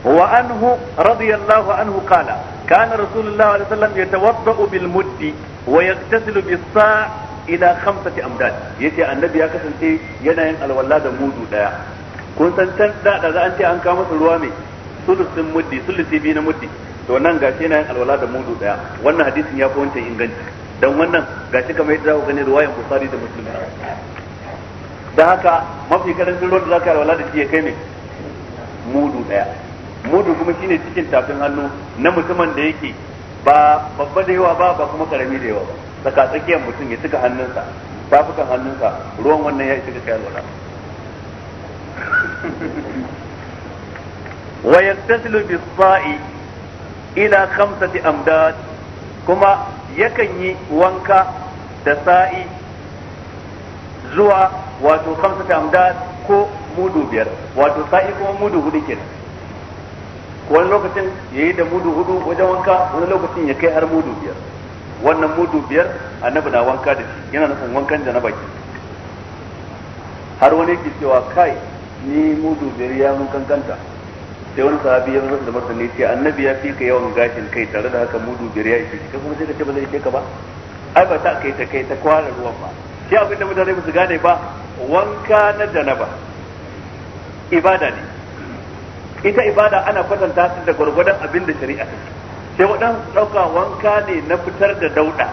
wa anhu radiyallahu anhu qala kana rasulullah sallallahu alaihi wasallam yatawaddau bil muddi wa yaghtasilu bis sa' ila khamsati amdad yace annabi ya kasance yana yin alwala da mudu daya kun san can da da an ce an kawo masa ruwa mai sulusin muddi sulusi biyu na muddi to nan gashi na yin alwala da mudu daya wannan hadisin ya fi wancan inganci dan wannan gashi kamar yadda ku gani ruwayan bukhari da muslim da haka mafi karancin ruwan da zaka yi alwala da shi ya kai ne mudu daya mudu kuma shine cikin tafin hannu na mutumin da yake ba babba da yawa ba ba kuma karami da yawa ba tsaka tsakiyar mutum ya cika hannunsa tafukan hannunsa ruwan wannan ya cika kai alwala wa بالصاء bis-sa'i ila كما يكني kuma yakan yi wanka da sa'i zuwa wato بير واتو ko mudu biyar wato sa'i kuma mudu hudu wani lokacin ya yi da mudu hudu wajen wanka wani lokacin ya kai har mudu biyar wannan mudu biyar annabi na wanka da shi yana nufin wankan da na baki har wani ke cewa kai ni mudu biyar ya mun kankanta sai wani sahabi ya zama da martani ce annabi ya fi ka yawan gashin kai tare da haka mudu biyar ya ishe kai kuma sai ka ce ba zai ishe ka ba ai ba ta kai ta kai ta kwara ruwan ba shi abin da mutane su gane ba wanka na janaba ibada ne ita ibada ana kwatanta ta da gwargwadon abin da shari'a ta sai waɗansu ɗauka wanka ne na fitar da dauɗa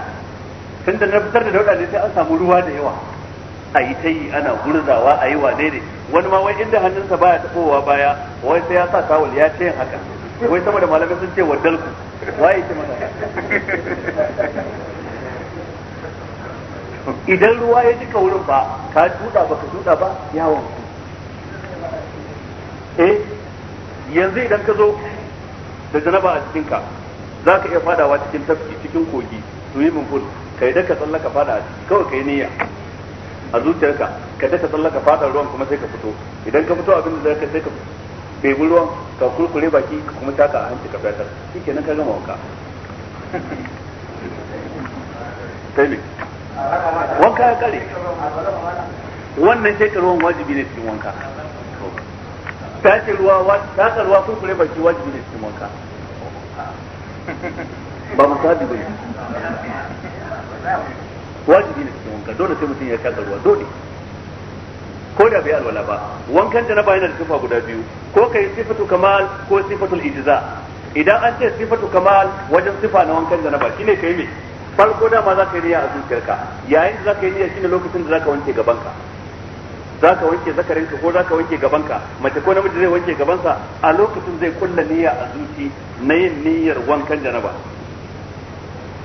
tun da na fitar da dauɗa ne sai an samu ruwa da yawa a yi ta yi ana gurzawa a yi wane ne wani ma wai inda hannunsa baya tabowa baya wai sai ya sa tawul ya ce haka wai saboda malamai sun ce waddal ku waye ce masa idan ruwa ya jika wurin ba ka tuda ba ka tuda ba yawon ku eh yanzu idan ka zo da janaba a cikinka za ka iya fadawa cikin tafki cikin kogi yi pool kai da ka tsallaka fada a ciki kawai kai niyya a zuciyarka ka ta tsallaka fadar ruwan kuma sai ka fito idan ka fito abin da zaka sai ka bebi ruwan ka kurkure baki ka kuma taka a hanci ka fatar nan ka gama wanka ne wanka ya kare wannan sai ruwan wajibi ne cikin wanka ce ruwa ta ruwa kurkure baki wajibi ne cikin wanka ba musabi bane wajibi ne cikin wanka dole sai mutum ya shaka ruwa dole ko da bai alwala ba wankan da na yana da sifa guda biyu ko kai sifatu kamal ko sifatu ijza idan an ce sifatu kamal wajen sifa na wankan da na ba shine kai ne farko dama za ka yi niyya a zuciyarka yayin da za ka yi niyya shine lokacin da za ka wanke gabanka za ka wanke zakarinka ko za ka wanke gabanka mace ko namiji zai wanke gabansa a lokacin zai kulla niyya a zuci na yin niyyar wankan janaba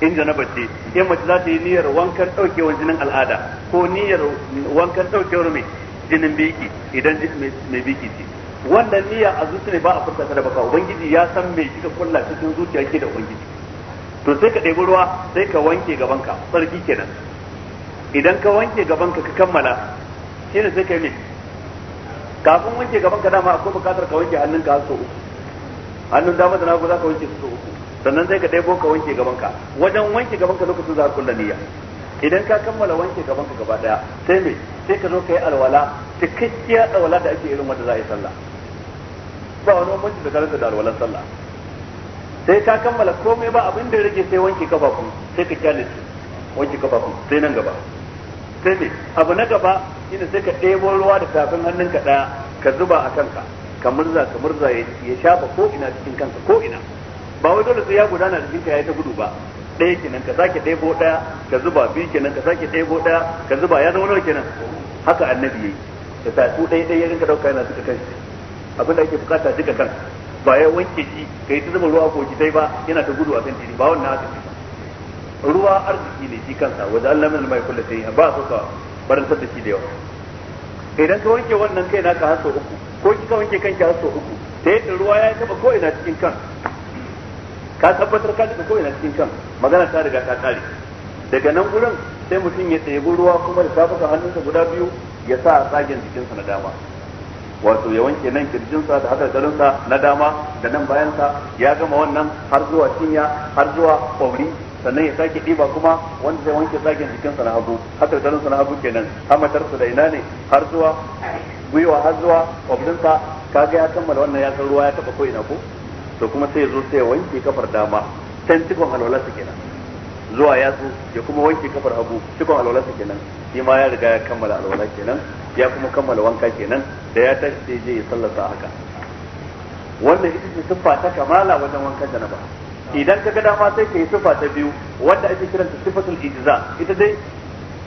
in na ce in mace za ta yi niyyar wankan daukewar jinin al'ada ko niyyar wankan daukewar mai jinin biki idan mai biki ce wannan niyya a zuci ne ba a furta da baka ubangiji ya san me kika kulla cikin zuciya ke da ubangiji to sai ka ɗebi ruwa sai ka wanke gabanka sarki kenan idan ka wanke gabanka ka kammala shi ne sai ka yi kafin wanke gabanka dama akwai bukatar ka wanke ka har sau uku hannun dama da nagu za ka wanke su sannan sai ka ɗebo ka wanke gaban ka wajen wanke gaban ka lokacin za ka niyya idan ka kammala wanke gaban ka gaba ɗaya sai me sai ka zo ka yi alwala cikakkiya alwala da ake irin wanda za a yi sallah ba wani bambanci da karanta da alwalan sallah sai ka kammala komai ba abin da rage sai wanke kafafun sai ka kyale wanke kafafun sai nan gaba sai me abu na gaba shine sai ka ɗebo ruwa da tafin hannunka ɗaya ka zuba a kanka ka murza ka murza ya shafa ko ina cikin kanka ko ina ba wai dole sai ya gudana da jinka ya ta gudu ba ɗaya kenan ka sake ɗebo ɗaya ka zuba biyu kenan ka sake ɗebo ɗaya ka zuba ya zama nawa kenan haka annabi yayi sa su ɗaya ɗaya ya rinka ɗauka yana suka kai abin da ake bukata duka kan ba ya wanke shi kai ta zuba ruwa ko sai ba yana ta gudu a kan tiri ba wannan haka ruwa arziki ne shi kansa wajen Allah mai mai kula sai ba so ka barantar da shi da yawa idan ka wanke wannan kai naka har sau uku ko ki ka wanke kanki har sau uku ta yadda ruwa ya taba ko ina cikin kan ka tabbatar ka daga kowane cikin kan magana ta riga ta kare daga nan gurin sai mutum ya tsaye ruwa kuma da tafuka hannunsa guda biyu ya sa a tsagen jikinsa na dama wato ya wanke nan kirjinsa da haka garinsa na dama da nan bayansa ya gama wannan har zuwa cinya har zuwa kwauri sannan ya sake ɗiba kuma wanda zai wanke tsagen jikinsa na hagu haka garinsa na hagu kenan hamatarsa da ina ne har zuwa gwiwa har zuwa kwaurinsa kaga ya kammala wannan ya san ruwa ya taɓa ko ina ko to kuma sai zo sai wanke kafar dama can cikon su kenan zuwa yatsu ya kuma wanke kafar hagu cikon su kenan shi ma ya riga ya kammala alwala kenan ya kuma kammala wanka kenan da ya tashi sai je ya sallata haka wannan ita ce siffa ta kamala wajen wankan janaba idan ka ga dama sai ka yi siffa ta biyu wanda ake kiran ta sifatul ijza ita dai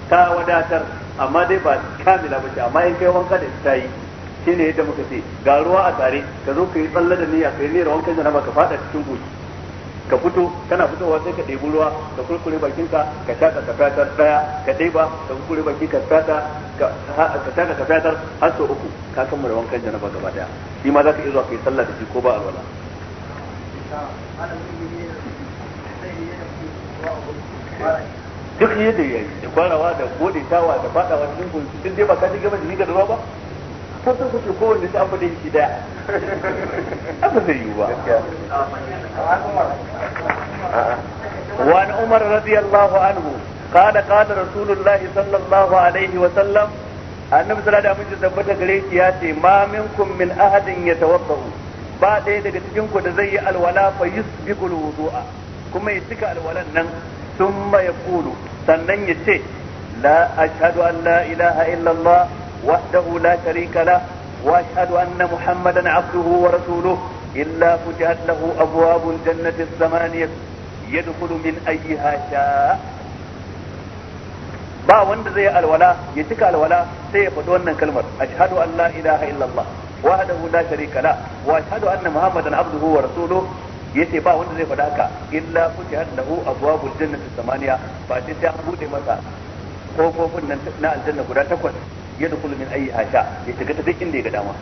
ta wadatar amma dai ba kamila ba ce amma in kai wanka da ita yi ne yadda muka ce ga ruwa a tare ka zo ka yi tsalle da niyya ka yi niyyar wankan ba ka fada cikin koki ka fito kana fitowa sai ka ɗebi ruwa ka kurkure bakinka ka shaka ka fatar ɗaya ka ɗeba ka kurkure baki ka fata ka shaka ka fatar har sau uku ka kammala wankan ba gaba daya shi ma za ka iya zuwa ka yi sallah da shi ko ba alwala duk yadda yayi da kwarawa da godetawa da fadawa cikin kunci duk dai ba ka ji gaba da ni ga ruwa ba ko sun kuce ko wanda ta abudin shi da abu zai yiwu ba وعن Umar رضي الله عنه قال قال رسول الله صلى الله عليه وسلم annabi sallallahu alaihi wasallam tabbata gare shi ya ce ma minkum min ahadin yatawaffahu ba ɗaya daga cikin ku da zai yi alwala fa yusbiqul wudu'a kuma ya cika alwalan nan thumma yaqulu sannan ya ce la ashhadu an la ilaha illallah وحده لا شريك له واشهد ان محمدا عبده ورسوله الا فتحت له ابواب الجنه الثمانيه يدخل من ايها شاء ba wanda zai alwala ya cika alwala sai ya faɗi wannan kalmar ashhadu an la ilaha illallah wahdahu la sharika la wa ashhadu anna muhammadan abduhu wa rasuluhu yace ba wanda zai faɗa haka illa futihat lahu abwabul jannati samaniya ba sai an bude masa kofofin nan na aljanna guda takwas kullum min ayyi asha ya shiga ta duk inda ya ga dama